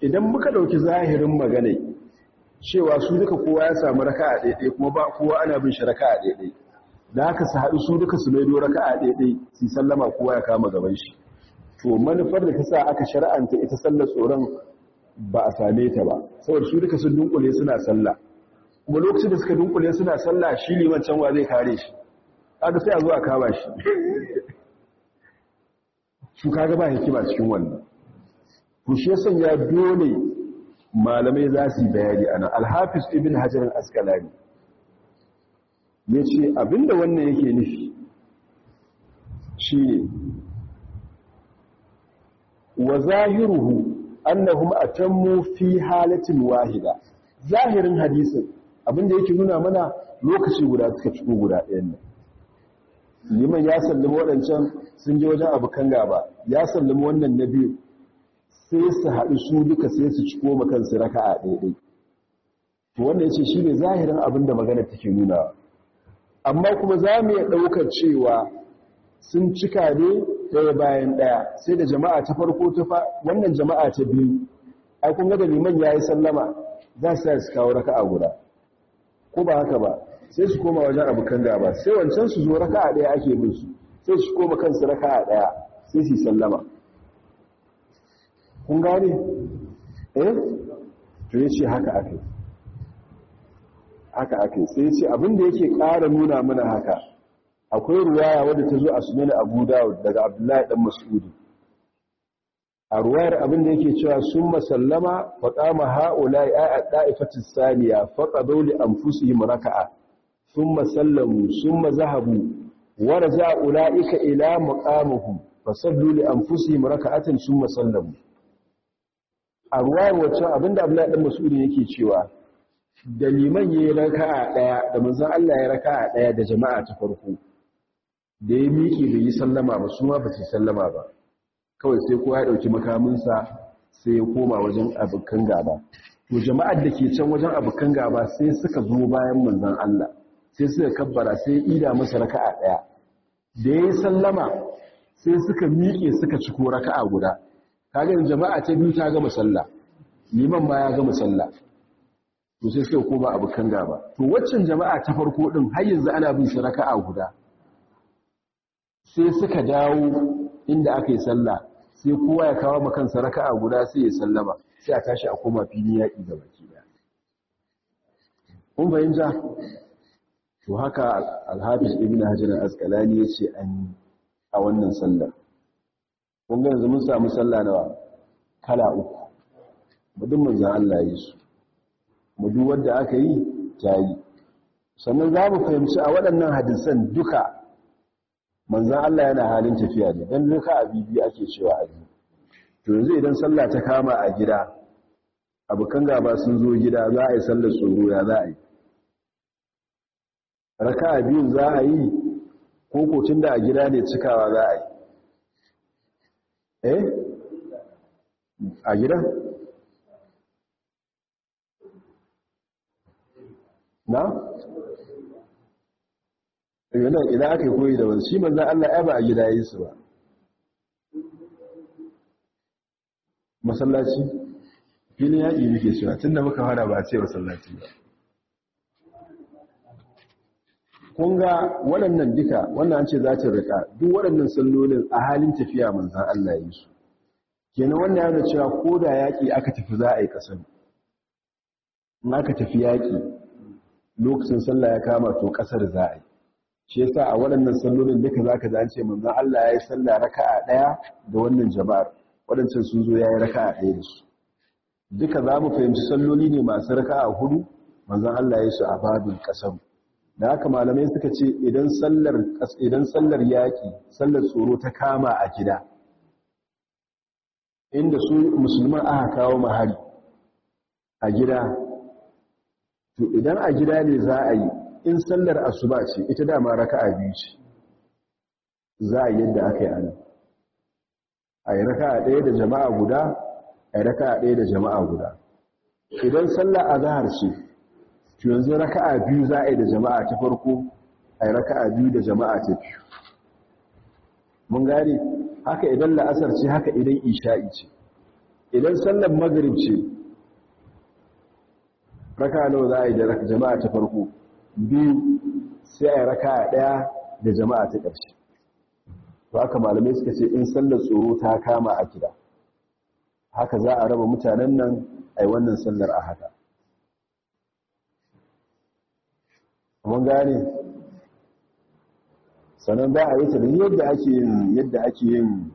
idan muka ɗauki zahirin maganai cewa su duka kowa ya samu raka a ɗaya kuma ba kowa ana bin shi raka a ɗaya da haka su haɗu su duka su maido raka a ɗaya su sallama kowa ya kama gaban shi to manufar da ta sa aka shari'anta ita sallar tsoron ba a same ta ba saboda su duka sun dunkule suna sallah mu lokacin da suka dunkule suna salla shi liman can wa zai kare shi kaga sai a zo a kama shi su kaga ba hikima cikin wannan ku shi yasan ya dole malamai za su bayani ana al-hafiz ibn hajar al-asqalani ce abinda wannan yake nufi shine wa zahiruhu annahum atammu fi halatin wahida zahirin hadisin abin da yake nuna mana lokaci guda suka ciko guda ɗayan nan liman ya sallama waɗancan sun je wajen abokan gaba ya sallama wannan na biyu sai su haɗu su duka sai su ciko kansu raka a ɗaiɗai to wannan yace shi ne zahirin abin da magana take nuna amma kuma za mu iya ɗaukar cewa sun cika ne ɗaya bayan ɗaya sai da jama'a ta farko ta fa wannan jama'a ta biyu ai kun ga da liman ya yi sallama za su sa su kawo raka'a guda ko ba haka ba sai su koma wajen abokan gaba sai wancan su zo raka'a daya ake bin su sai su koma kansu raka'a daya sai su sallama kun gane eh to yace haka ake haka ake sai yace abin da yake ƙara nuna mana haka akwai ruwaya wadda ta zo a sunan Abu Dawud daga Abdullahi dan Mas'udi a ruwayar abinda da yake cewa sun masallama faƙama ha'ula ya a ɗa'ifatin saniya faɗa dole an fusu yi maraka'a sun masallamu sun mazahabu wara za'ula ula’ika ila muƙamuhu fasallu li an fusu yi maraka'atin sun masallamu a ruwayar wacce abinda da abin ɗan mas'udin yake cewa da liman ya yi raka'a ɗaya da manzan Allah ya raka'a ɗaya da jama'a ta farko da ya miƙe bai yi sallama ba su ma ba su sallama ba kawai sai kowa ya ɗauki makaminsa sai ya koma wajen abokan gaba to jama'ar da ke can wajen abokan gaba sai suka zo bayan manzon Allah sai suka kabbara sai ida masa raka'a ɗaya da yayi sallama sai suka miƙe suka ci ko raka'a guda kaga jama'a ta biyu ta gama sallah liman ma ya gama sallah to sai suka koma abokan gaba to waccan jama'a ta farko din har yanzu ana bin shi raka'a guda sai suka dawo inda aka yi sallah sai kowa ya kawo makansa raka'a guda sai ya sallama sai a tashi a koma fili yaƙi da baki ɗaya kun fahimta to haka alhafiz ibn hajar al-asqalani yace an a wannan sallar kun ga yanzu mun samu sallah nawa kala uku mu duk Allah ya yi su mu duk aka yi ta yi sannan za mu fahimci a waɗannan hadisan duka manzan Allah yana halin tafiya ne don duka a bibi ake cewa a to yanzu idan sallah ta kama a gida abokan gaba sun zo gida za a yi sallar tsoro ya za a yi raka a biyun za a yi ko kotun da a gida ne cikawa za a yi eh a gida na nan idan aka koyi da wasu shi manzan Allah ya ba a gida yi su ba masallaci filin yaƙi muke cewa tun da muka fara ba a ce masallaci ba kun ga waɗannan duka wannan an ce za ta rika duk waɗannan sallolin a halin tafiya manzan Allah ya yi su kenan wannan yana cewa ko da yaƙi aka tafi za a yi ƙasar in aka tafi yaƙi lokacin sallah ya kama to ƙasar za a yi shi yasa a waɗannan sallolin duka zaka ji an ce manzon Allah yayi sallah raka'a ɗaya da wannan jama'ar waɗancan sun zo yayi raka'a ɗaya da su duka za mu fahimci salloli ne masu raka'a hudu manzon Allah ya yi su a babul qasam da haka malamai suka ce idan sallar idan sallar yaki sallar tsoro ta kama a gida inda su musulman aka kawo mahari a gida to idan a gida ne za a yi in sallar asuba ce ita dama raka'a biyu ce za a yadda aka yi ana a yi raka'a ɗaya da jama'a guda a yi raka'a ɗaya da jama'a guda idan sallar azahar ce to yanzu raka'a biyu za a yi da jama'a ta farko a yi raka'a biyu da jama'a ta biyu mun gane haka idan la'asar ce haka idan isha'i ce idan sallar maghrib ce raka'a nawa za a yi da jama'a ta farko biyu sai a raka ɗaya da jama'a ta ƙarshe to haka malamai suka ce in sallar tsoro ta kama a kida. haka za a raba mutanen nan a wannan sallar a haka mun gane sannan za a yi ta yadda ake yin yadda ake yin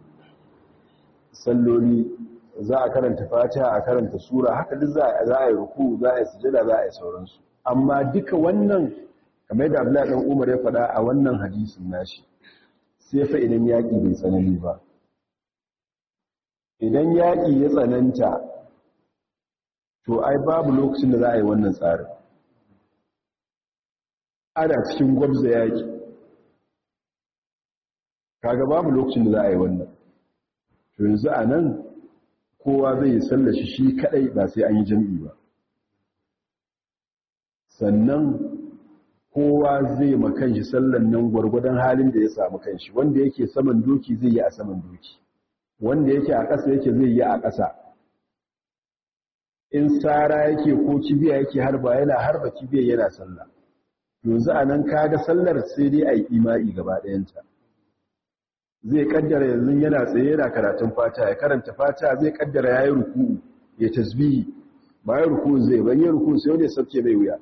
salloli za a karanta fatiha a karanta sura haka duk za a yi ruku za a yi sujada za a yi sauransu amma duka wannan kamar da abdullahi dan umar ya faɗa a wannan hadisin nashi sai fa idan yaƙi bai tsanani ba idan yaƙi ya tsananta to ai babu lokacin da za a yi wannan tsarin ana cikin gwabza yaƙi kaga babu lokacin da za a yi wannan to yanzu a nan kowa zai yi sallashi shi kaɗai ba sai an yi jam'i ba sannan kowa zai ma shi sallan nan gwargwadon halin da ya samu kanshi wanda yake saman doki zai yi a saman doki wanda yake a ƙasa yake zai yi a ƙasa in tsara yake ko kibiya yake harba yana harba kibiya yana salla yanzu a nan kaga sallar sai dai a yi ima'i gaba ɗayanta zai kaddara yanzu yana tsaye yana karatun fata ya karanta fata zai kaddara ya yi ruku ya tasbihi bayan ruku zai bayan ruku sai wani ya sauke mai wuya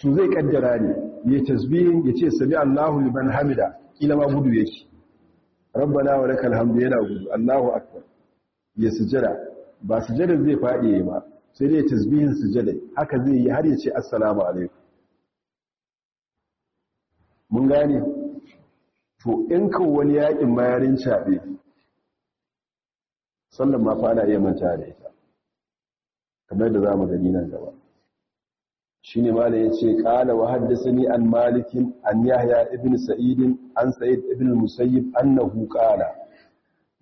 su zai kaddara ne ya tasbihin ya ce sami Allahu liman hamida kila ma gudu yake rabbana wa lakal hamdu yana gudu Allahu akbar ya sujada ba sujada zai faɗi fadi ba sai dai tasbihin sujada haka zai yi har ya ce assalamu alaikum mun gane to in kan wani yakin bayarin chabe sallan ma fa ana iya manta da ita kamar da mu gani nan gaba shine ya yace ƙala wa haddathani an malik an yahya ibn Saidin, an sa'id ibn musayyib annahu qala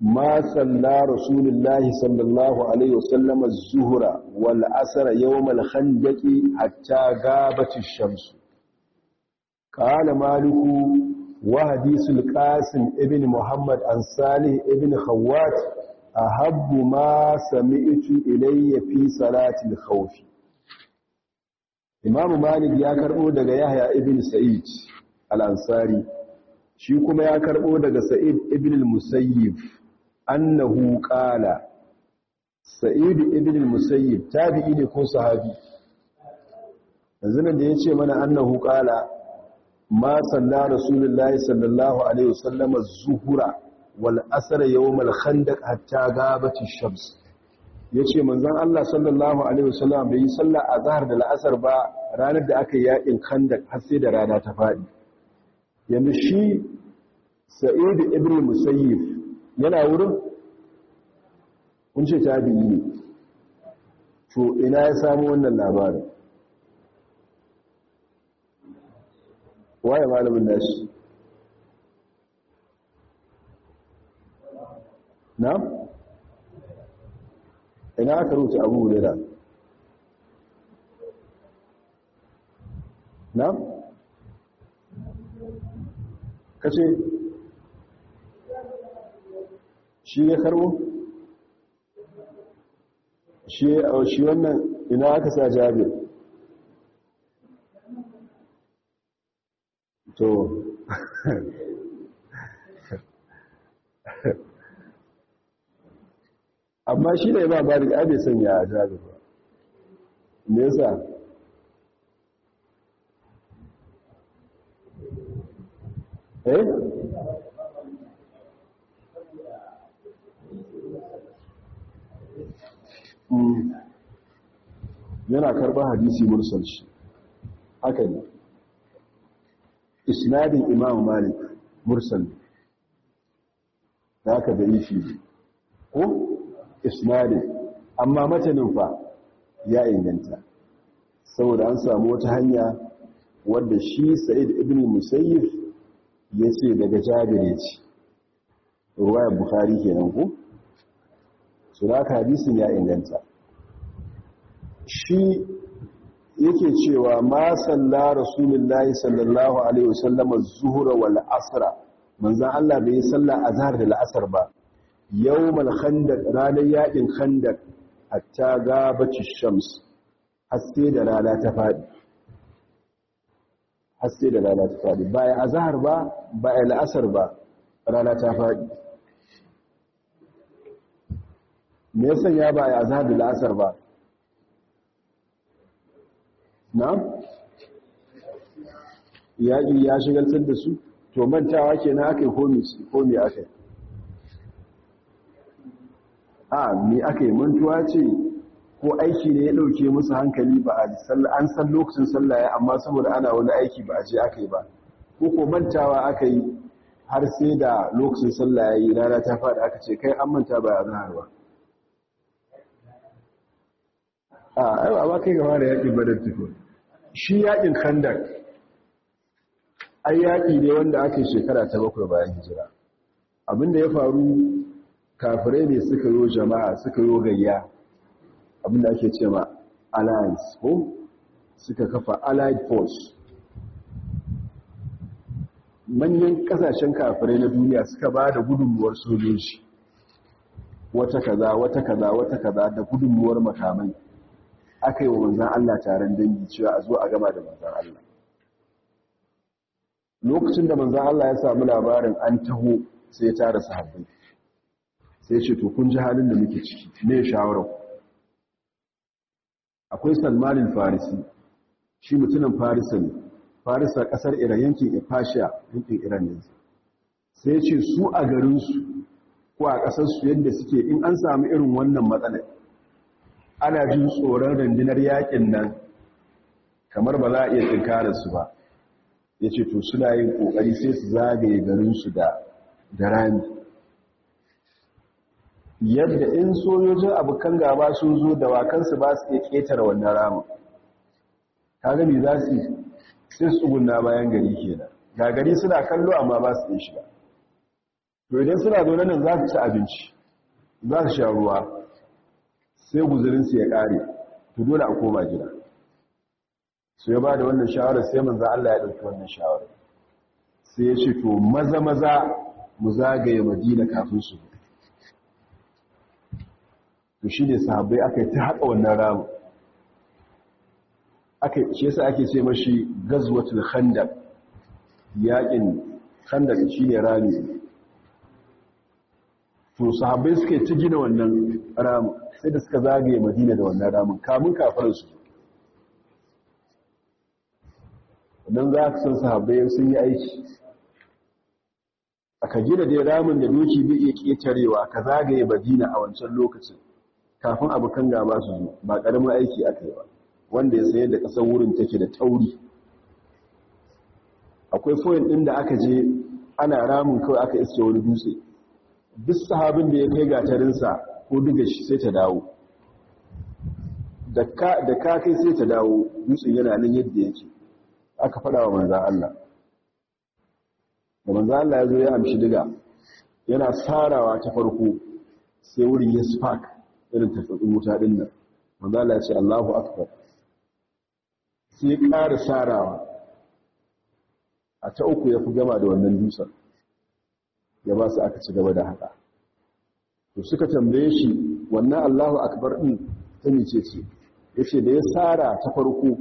ma salla rasulullahi sallallahu alaihi wasallam az-zuhra wal asr yawm al-khandaq hatta gabat ash-shams qala malik wa hadith qasim ibn muhammad an salih ibn a ahabbu ma sami'tu ilayya fi salati al-khawfi imamu malik ya karbo daga yahya ibn sa'id al-ansari shi kuma ya karbo daga sa'id ibn al-musayyib annahu qala sa'id ibn al-musayyib tabi'i ne ko sahabi yanzu da ya ce mana annahu qala ma salla rasulullahi sallallahu alaihi wasallam az-zuhra wal asr yawm al-khandaq hatta gabati shams ya ce manzan Allah sallallahu Alaihi wasallam bai yi sallah a zahar da la'asar ba ranar da aka yi yaƙin kandak har sai da rana ta faɗi yanzu shi sa'idu ibri musayyif yana wurin kunce ta biyu. ne to ina ya samu wannan labarin waye malamin nashi na? ina aka roci abu hurera na? kace shi ya karbo? shi wannan ina aka sa jabir to amma shi ne ba malik ai bai sanya a jari ba me yasa eh hmm. yana karɓar hadisi mursal shi haka ne isnadin imam malik mursal da aka da shi ko isnadi amma matanin fa ya inganta saboda an samu wata hanya wadda shi sa'id ibn musayyib ya ce daga jabir ce ruwaya bukhari kenan ku sura hadisi ya inganta shi yake cewa ma salla rasulullahi sallallahu alaihi wasallam az-zuhra wal asra manzon Allah bai salla azhar da al-asr ba yawmal khandaq ranar yakin a ta gabati shams haske da rana ta faɗi. haske da rana ta faɗi. ba ya azahar ba ba ya la'asar ba rana ta faɗi. me yasa ya ba ya azahar da la'asar ba na'am yaƙi ya shigaltar da su to mantawa kenan akai komi komi akai a mai aka yi mantuwa ce ko aiki ne ya ɗauke musu hankali ba a an san lokacin sallaye amma saboda ana wani aiki ba a ce aka yi ba ko ko mantawa aka yi har sai da lokacin sallaye yi rana ta faɗi aka ce kai an manta ba a zahar ba a yau a kai gama da yaƙin badar tukur shi yaƙin khandak ai yaƙi ne wanda aka yi shekara ta bakwai bayan hijira abinda ya faru Kafire ne suka yo jama'a suka yo gayya abinda ake ce ma alliance ko suka kafa allied force manyan kasashen kafire na duniya suka ba da gudunmuwar sojoji wata kaza wata kaza wata kaza da gudunmuwar makamai aka yi wa manzan Allah taron dangi cewa a zo a gama da manzan Allah lokacin da manzan Allah ya samu labarin an taho sai ya tara sahabbai sai ce to kun ji halin da muke ciki me ku. akwai salmanin farisi shi mutumin farisa ne farisa kasar iran yankin ifashiya yankin iran ne sai ce su a garinsu ko a ƙasarsu yadda suke in an samu irin wannan matsala. ana jin tsoron rundunar yakin nan kamar ba za a iya su ba ya ce to suna yin ƙoƙari sai su zagaye garinsu da rami yadda in sojojin abokan gaba sun zo da wakansu ba su iya ƙetare wannan rama. ta gani za su sai gunna bayan gari kenan ga gari suna kallo amma ba su iya shiga to idan suna zaune nan za su ci abinci za su sha ruwa sai guzurinsu ya ƙare to dole a koma gida su ya ba da wannan shawarar sai manza Allah ya ɗauki wannan shawarar sai ya ce to maza maza mu zagaye madina kafin su to shi ne sahabai aka yi ta haƙa wannan ramu aka shi yasa ake ce mashi gazwatul khandar yaƙin khandar shi ne rami to sahabai suka ta gina wannan ramu sai da suka zagaye madina da wannan ramin kamun kafaransu don za ka san sahabai sun yi aiki aka gina dai ramin da doki bai iya ƙetarewa ka zagaye madina a wancan lokacin kafin abokan gaba su zo ba ƙaramin aiki a kai ba wanda ya sayar da ƙasar wurin take da tauri akwai foyin ɗin da aka je ana ramin kawai aka iske wani dutse duk sahabin da ya kai gatarinsa ko duga shi sai ta dawo da ka kai sai ta dawo dutsen yana nan yadda yake aka faɗa wa manza Allah da manza Allah ya zo ya amshi duka yana sarawa ta farko sai wurin ya spark irin tafaɗin wuta din nan manzo Allah ya ce Allahu akbar sai ya ƙara sarawa a ta uku ya fi gama da wannan dusar ya ba su aka ci gaba da haka to suka tambaye shi wannan Allahu akbar din ta nice ce yace da ya sara ta farko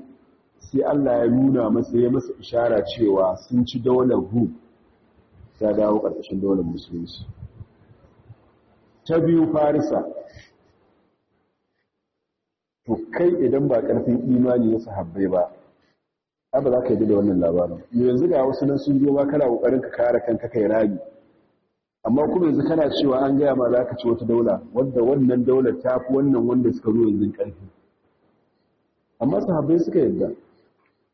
sai Allah ya nuna masa ya masa ishara cewa sun ci daular hu ta dawo ƙarƙashin daular musulunci ta biyu farisa to kai idan ba karfin imani ya sahabbai ba ba za ka yi da wannan labarin yanzu ga wasu nan sun zo ma kana kokarin ka kare kanka kai rami amma kuma yanzu kana cewa an gaya ma za ka ci wata daula wadda wannan daular ta fi wannan wanda suka zo yanzu karfi amma sahabbai suka yadda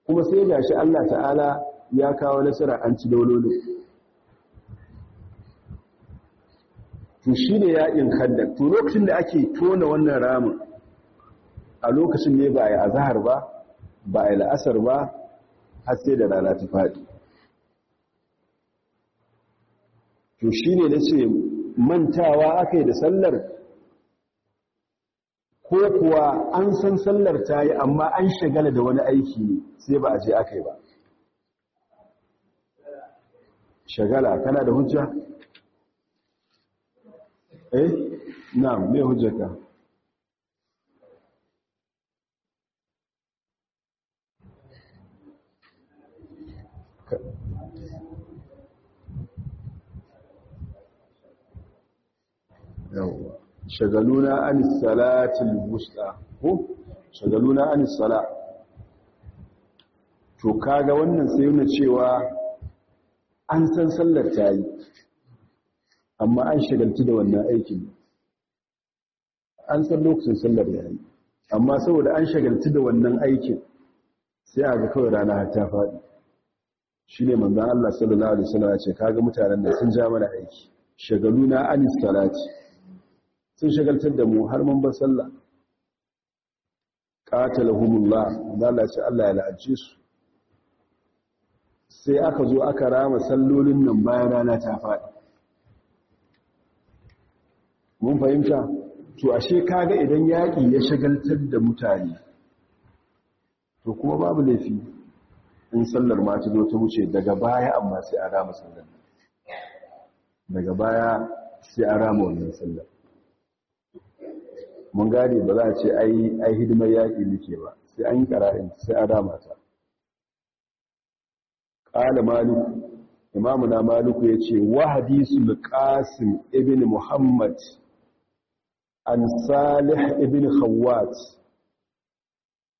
kuma sai ga shi Allah ta'ala ya kawo nasara an ci daulolin to shi ne yaƙin khandaq to lokacin da ake tona wannan ramin a lokacin ne ba a yi azahar ba ba a yi la'asar ba har sai da rana ta faɗi to shi ne na ce mantawa aka yi da sallar ko kuwa an san sallar ta yi amma an shagala da wani aiki ne sai ba a je aka yi ba shagala kana da hujja? eh na mai hujjata yawwa shagaluna anis salatil wusta ko shagaluna anis sala to kaga wannan sai yana cewa an san sallar ta yi amma an shagaltu da wannan aikin an san lokacin sallar ya yi amma saboda an shagaltu da wannan aikin sai a ga kawai rana har ta faɗi shine ne Allah sallallahu Alaihi wasallam ya ce kaga mutanen da sun ja mana aiki shagaluna anis salati sun shagaltar da mu har mun ba sallah qatalahumullah lalace Allah ya la'ace su sai aka zo aka rama sallolin nan bayan rana ta faɗi mun fahimta to ashe kaga idan yaƙi ya shagaltar da mutane to kuma babu laifi in sallar ma ta zo ta wuce daga baya amma sai a rama sallar daga baya sai a rama wannan sallar mun gane ba za a ce ai hidimar yaƙi muke ba sai an yi ƙara'in sai a dama ta ƙala imamu na maliku ya ce wa hadisul qasim ibn muhammad an salih ibn khawat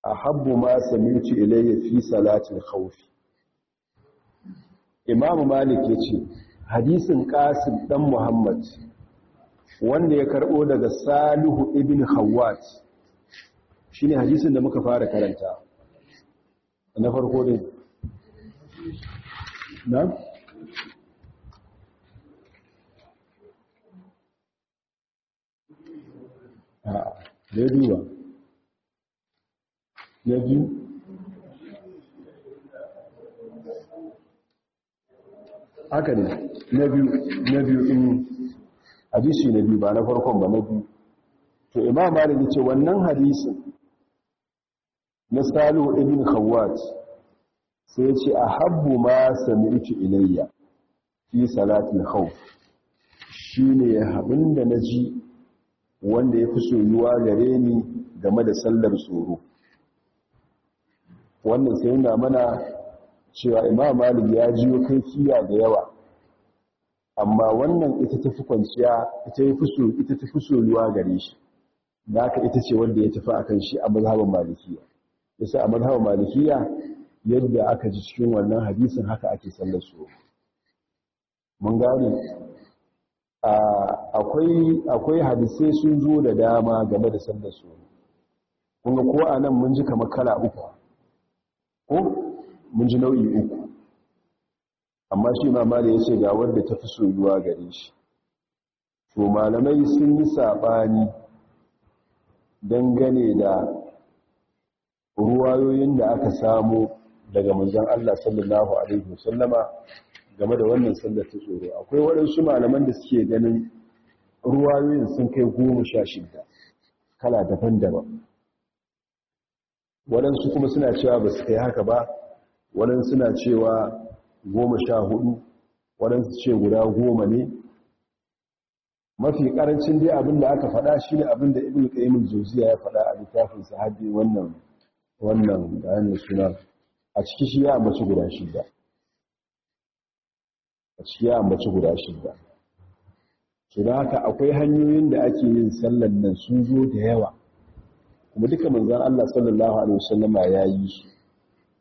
ahabbu ma sami'tu ilayya fi salatil khawfi imamu malik yace hadisin qasim ɗan muhammad wanda ya karbo daga salihu ibn hawat ne hadisin da muka fara karanta na farko dai na a da duwa na biyu haka ne na biyu na biyu hadisi na biyu ba na farkon ba na biyu to imam malik yace wannan hadisin na salihu ibn khawwat sai yace ahabbu ma sami'tu ilayya fi salatil khawf shine na naji wanda yafi soyuwa gare ni game da sallar tsoro wannan sai yana mana cewa imam malik ya jiyo kai kiya da yawa amma wannan ita ta fi kwanciya ita yi fuso ita tafi soluwa gare shi da aka ita ce wanda ya tafi a kan shi a mazhabin malikiya yasa a mazhabin malikiya yadda aka ji cikin wannan hadisin haka ake sallar su mun gane akwai akwai hadisai sun zo da dama game da sallar su Kuma ko anan mun ji kamar kala uku ko mun ji nau'i uku amma shi mamari ya ce ga wanda ta fi soyuwa gare shi to malamai sun yi saɓani dangane da ruwayoyin da aka samu daga manzon Allah sallallahu alaihi wasallama game da wannan sallar ta tsoro akwai waɗansu malaman da suke ganin ruwayoyin sun kai goma sha shida kala daban-daban waɗansu kuma suna cewa ba su kai haka ba waɗansu suna cewa goma sha hudu waɗansu ce guda goma ne mafi ƙarancin dai abin da aka faɗa shi ne abin da ibn ƙa'imin zoziya ya faɗa a littafin sahabi wannan wannan hannun suna a ciki shi ya ambaci guda shida a ciki ya ambaci guda shida su da haka akwai hanyoyin da ake yin sallan nan sun zo da yawa kuma duka manzan Allah sallallahu alaihi wasallama ya yi su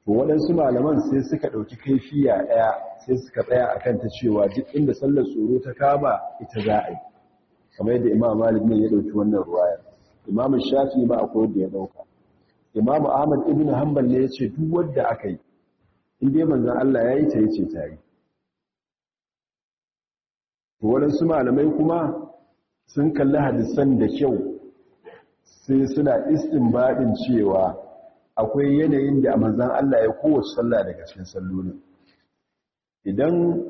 wadansu malaman sai suka ɗauki kaifiya ɗaya sai suka tsaya a kan ta cewa duk inda sallar tsoro ta kama ita za a yi kamar yadda imam malik ne ya ɗauki wannan ruwayar imam shafi ma akwai wanda ya ɗauka imam ahmad Ibnu hanbal ne ya ce duk wanda aka yi in dai manzon allah ya yi ta yace ta yi waɗansu malamai kuma sun kalli hadisan da kyau sai suna istinbadin cewa akwai yanayin da manzan Allah ya kowace sallah daga cikin sallolin idan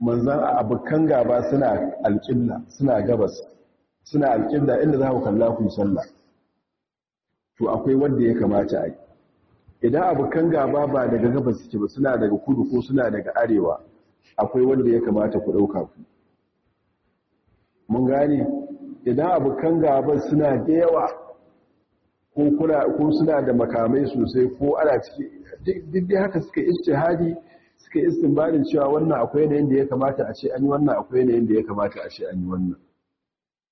manzan abokan gaba suna alƙibla suna gabas suna alƙibla inda za ku kalla ku sallah to akwai wanda ya kamata a yi idan abokan gaba ba daga gabas suke ba suna daga kudu ko suna daga arewa akwai wanda ya kamata ku ɗauka ku mun gane idan abokan gaba suna da yawa ko kuna ko suna da makamai sosai ko ana ciki duk dai haka suka istihadi suka istinbarin cewa wannan akwai ne inda ya kamata a ce an yi wannan akwai ne inda ya kamata a ce an yi wannan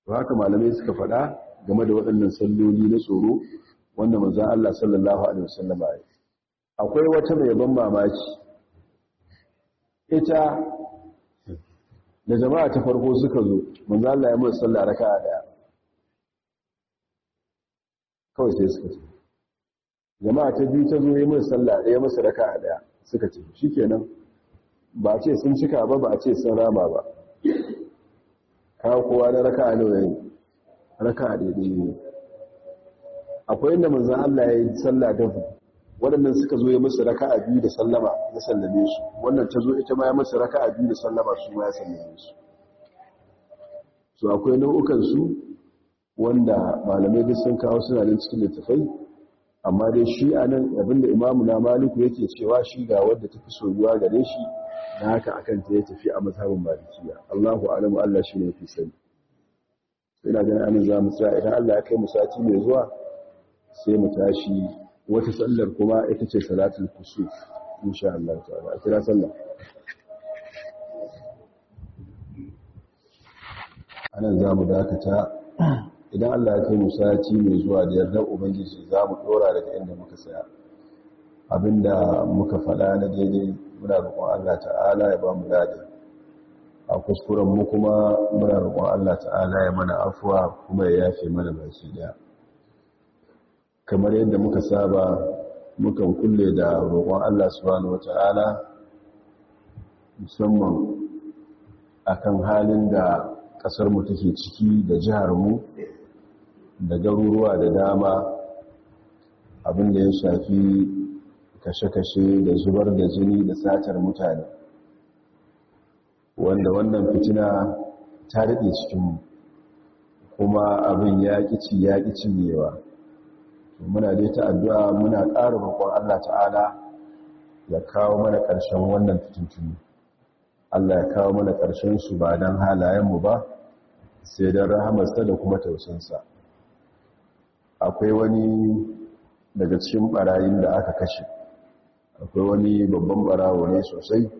to haka malamai suka faɗa game da waɗannan salloli na tsoro wanda manzon Allah sallallahu alaihi wasallam ya akwai wata mai ban mamaki ita da jama'a ta farko suka zo manzon Allah ya musu sallah raka'a daya kawai sai suka ce jama'a ta biyu ta zo yi min sallah ɗaya masu raka a ɗaya suka ce shikenan ba a ce sun cika ba ba a ce sun rama ba kawo kowa na a nawa raka a daidai ne akwai inda manzan Allah ya yi sallah dafu waɗannan suka zo ya raka a biyu da sallama ya sallame su wannan ta zo ita ma ya raka a biyu da sallama su ma ya sallame su so akwai nau'ukan su wanda malamai duk sun kawo suna nan cikin littafai amma dai shi a nan abinda imamu na maliku yake cewa shi ga wadda fi soyuwa gare shi na haka akan ta ya tafi a mazhabin malikiya Allahu alamu Allah shi ne fi sani ina ganin anan za mu tsaya idan Allah ya kai mu sati mai zuwa sai mu tashi wata sallar kuma ita ce salatul kusuf insha Allah ta'ala a kira sallar. anan za mu dakata idan Allah ya kai mu sati mai zuwa da yardar ubangiji za mu dora daga inda muka saya abinda muka faɗa na daidai muna roƙon Allah ta'ala ya ba mu dadi a kuskuren mu kuma muna roƙon Allah ta'ala ya mana afuwa kuma ya yafe mana baki daya kamar yadda muka saba mukan kulle da roƙon Allah subhanahu wata'ala musamman akan halin da ƙasar mu take ciki da jihar mu da garuruwa da dama abin da ya shafi kashe-kashe da zubar da jini da satar mutane wanda wannan fitina ta daɗe cikinmu kuma abin ya kici ya kici yewa muna dai ta addu'a muna ƙara roƙon Allah ta'ala ya kawo mana ƙarshen wannan fitintunu Allah ya kawo mana ƙarshen su ba don halayenmu ba sai don rahamarsa da kuma tausansa akwai wani daga cikin barayin da aka kashe akwai wani babban barawo ne sosai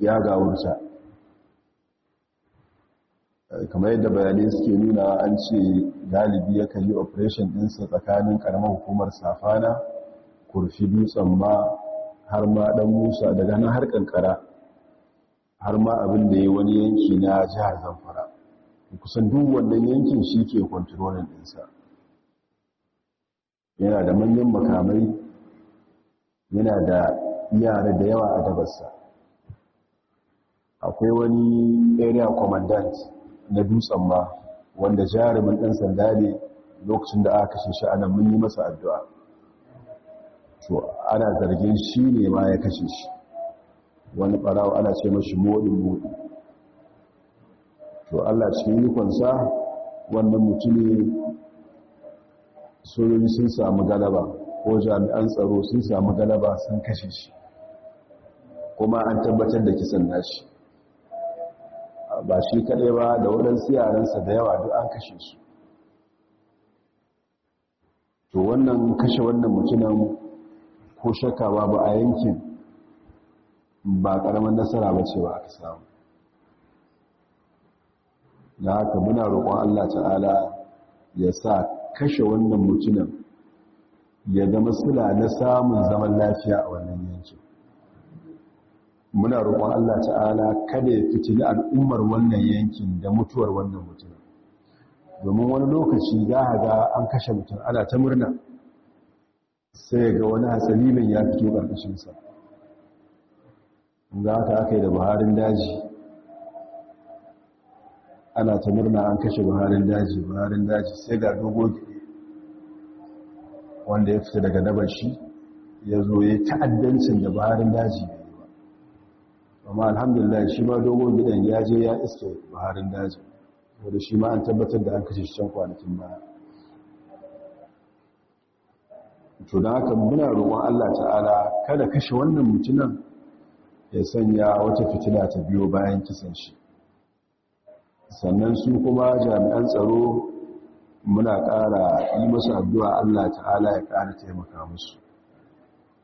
ya gawursa kamar yadda bayanai suke nuna an ce galibi ya yi operation ɗinsa tsakanin karamar hukumar safana kurfi dutsen ba har ma dan musa daga nan har ƙanƙara har ma abin da ya wani yanki na jihar zamfara kusan duk wannan yankin shi ke kwantironin ɗinsa yana da manyan makamai yana da yara da yawa a dabarsa akwai wani area commandant na dutsen ma wanda jarumin ɗan sanda ne lokacin da aka kashe shi anan mun yi masa addu'a to ana zargin shi ne ma ya kashe shi wani ɓarawo ana ce mashi moɗin moɗi to allah cikin sa wannan mutum ne sojoji sun samu galaba ko jami'an tsaro sun samu galaba sun kashe shi kuma an tabbatar da kisan nashi ba shi kaɗai ba da waɗansu sa da yawa duk an kashe su to wannan kashe wannan mutumin ko shakawa ba a yankin ba ƙaramin nasara ba ce ba aka samu da haka muna roƙon Allah ta'ala ya sa kashe wannan mutunan ya zama sula na samun zaman lafiya a wannan yankin muna roƙon Allah ta'ala kada ya fitini al'ummar wannan yankin da mutuwar wannan mutunan domin wani lokaci za a ga an kashe mutum ana ta murna sai ga wani hatsari mai ya fito ƙarƙashinsa Za ka aka yi da buharin daji ana ta murna an kashe buharin daji buharin daji sai ga dogo wanda ya fita daga dabar shi, ya zo ya ta'addancin da baharin daji ya yi ba amma alhamdulillah shi ma dogon gidan ya je ya iske baharin daji wadda shi ma an tabbatar da an kashe shi can kwanakin baya to da haka muna roƙon Allah ta'ala kada kashe wannan mutumin ya sanya wata fitila ta biyo bayan kisan shi sannan su kuma jami'an tsaro muna ƙara yi masu addu'a Allah ta'ala ya ƙara taimaka musu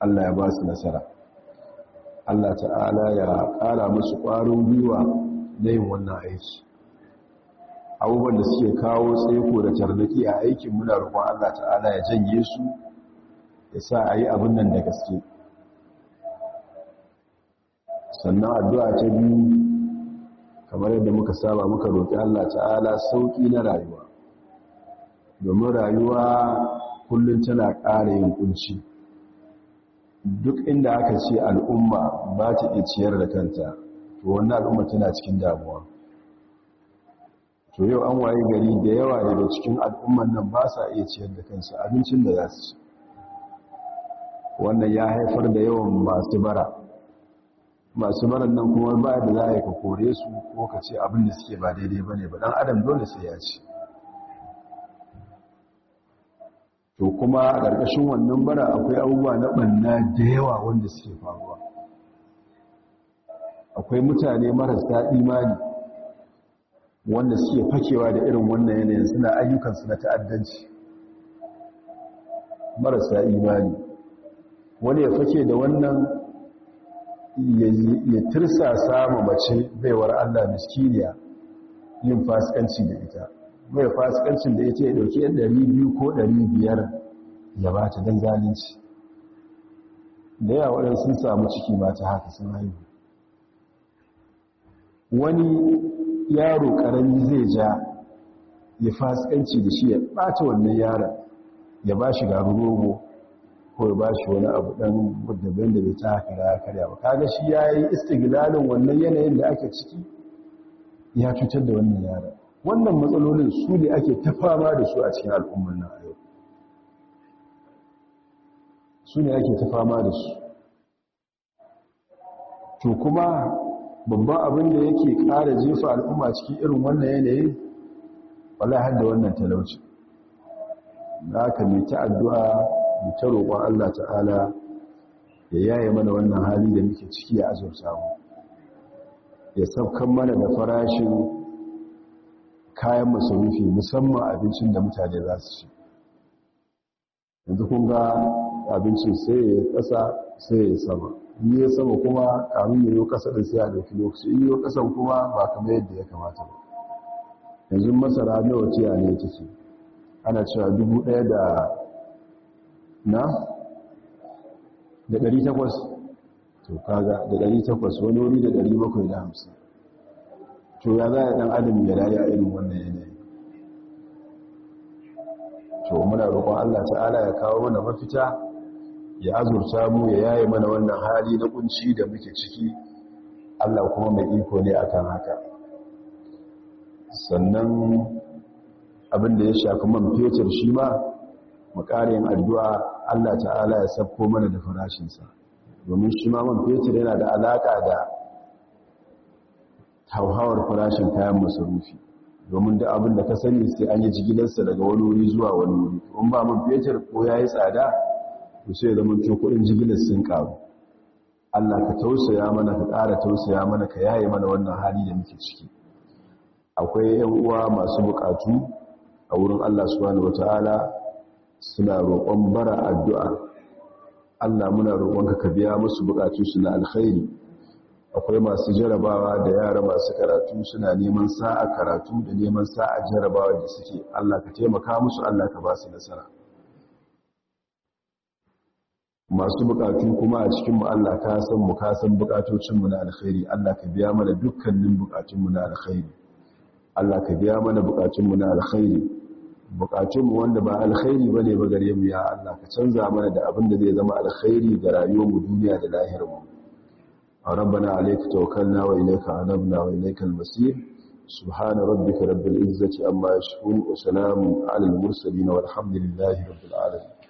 Allah ya ba su nasara Allah ta'ala ya ƙara musu ƙwarin gwiwa na yin wannan aiki abubuwan da suke kawo tsaiko da tarnaki a aikin muna roƙon Allah ta'ala ya janye su ya sa a yi abin nan da gaske sannan addu'a ta biyu kamar yadda muka saba muka roƙi Allah ta'ala sauƙi na rayuwa domin rayuwa kullum tana ƙara yin kunci duk inda aka ce al'umma ba ta iya ciyar da kanta to wannan al'umma tana cikin damuwa to yau an waye gari da yawa daga cikin al'umman nan ba sa iya ciyar da kansa, abincin da za su ci wannan ya haifar da yawan masu bara masu baran nan kuma ba da za a yi ka kore su ko ka ce abin da suke ba daidai ba ne ba ɗan adam dole sai ya ci to kuma a ƙarƙashin wannan bara akwai abubuwa na ɓanna da yawa wanda suke faruwa akwai mutane marasa imani wanda suke fakewa da irin wannan yanayin suna ayyukansu na ta'addanci marasa imani wani ya fake da wannan ya tirsa samu mace baiwar allah miskiniya yin fasikanci da ita mai fasikancin da ya ce ya ɗauki yan ɗari biyu ko ɗari biyar ya ba ta don zalunci da yawa waɗanda sun samu ciki ba ta haka sun haihu wani yaro karami zai ja ya fasikanci da shi ya ɓata wannan yaron ya ba shi garu rogo ko ya ba shi wani abu ɗan daban da bai ta haka da karya ba kaga shi ya yi istigilalin wannan yanayin da ake ciki ya cutar da wannan yaron wannan matsalolin su ne ake ta fama da su a cikin al'ummar na yau su ne ake ta fama da su to kuma babban abin da yake ƙara jefa al'umma cikin irin wannan yanayi wala har da wannan talauci da aka mai ta addu'a mai ta roƙon Allah ta'ala ya yaye mana wannan hali da muke ciki a azurta mu ya saukan mana da farashin kayan masarufi musamman abincin da mutane za su ce. yanzu kun ga abincin sai ya ƙasa sai ya sama in ya sama kuma kamun ya yi ƙasa da sai a ɗauki lokaci in yi ƙasan kuma ba kama yadda ya kamata ba yanzu masara nawa ce a ne take ana cewa dubu ɗaya da na da ɗari takwas to kaga da ɗari takwas wani wuri da ɗari bakwai da hamsin to ya za a ɗan adam ya rayu a irin wannan yanayi to muna roƙon Allah ta'ala ya kawo mana mafita ya azurta mu ya yaye mana wannan hali na kunci da muke ciki Allah kuma mai iko ne akan haka sannan abin da ya shafi man fetur shi ma makarin addu'a Allah ta'ala ya sabko mana da farashinsa domin shi ma man fetur yana da alaƙa da hauhawar farashin kayan masarufi domin da abin da ka sani sai an yi jigilarsa daga wani wuri zuwa wani wuri in ba mun fetur ko ya yi tsada to sai zama to kuɗin jigilar sun ƙaru Allah ka tausaya mana ka ƙara tausaya mana ka yaye mana wannan hali da muke ciki akwai yan uwa masu buƙatu a wurin Allah subhanahu wataala suna roƙon bara addu'a Allah muna roƙonka ka biya musu buƙatu suna alkhairi akwai masu jarabawa da yara masu karatu suna neman sa'a karatu da neman sa'a jarabawa da suke Allah ka taimaka musu Allah ka ba su nasara masu bukatu kuma a cikin mu Allah ka san mu ka san bukatocin mu na alkhairi Allah ka biya mana dukkanin bukatun mu na alkhairi Allah ka biya mana bukatun mu na alkhairi bukatun mu wanda ba alkhairi bane ba gare mu ya Allah ka canza mana da abin da zai zama alkhairi ga rayuwar mu duniya da lahirar mu ربنا عليك توكلنا وإليك عنبنا وإليك المسير سبحان ربك رب العزة أما يشكون وسلام على المرسلين والحمد لله رب العالمين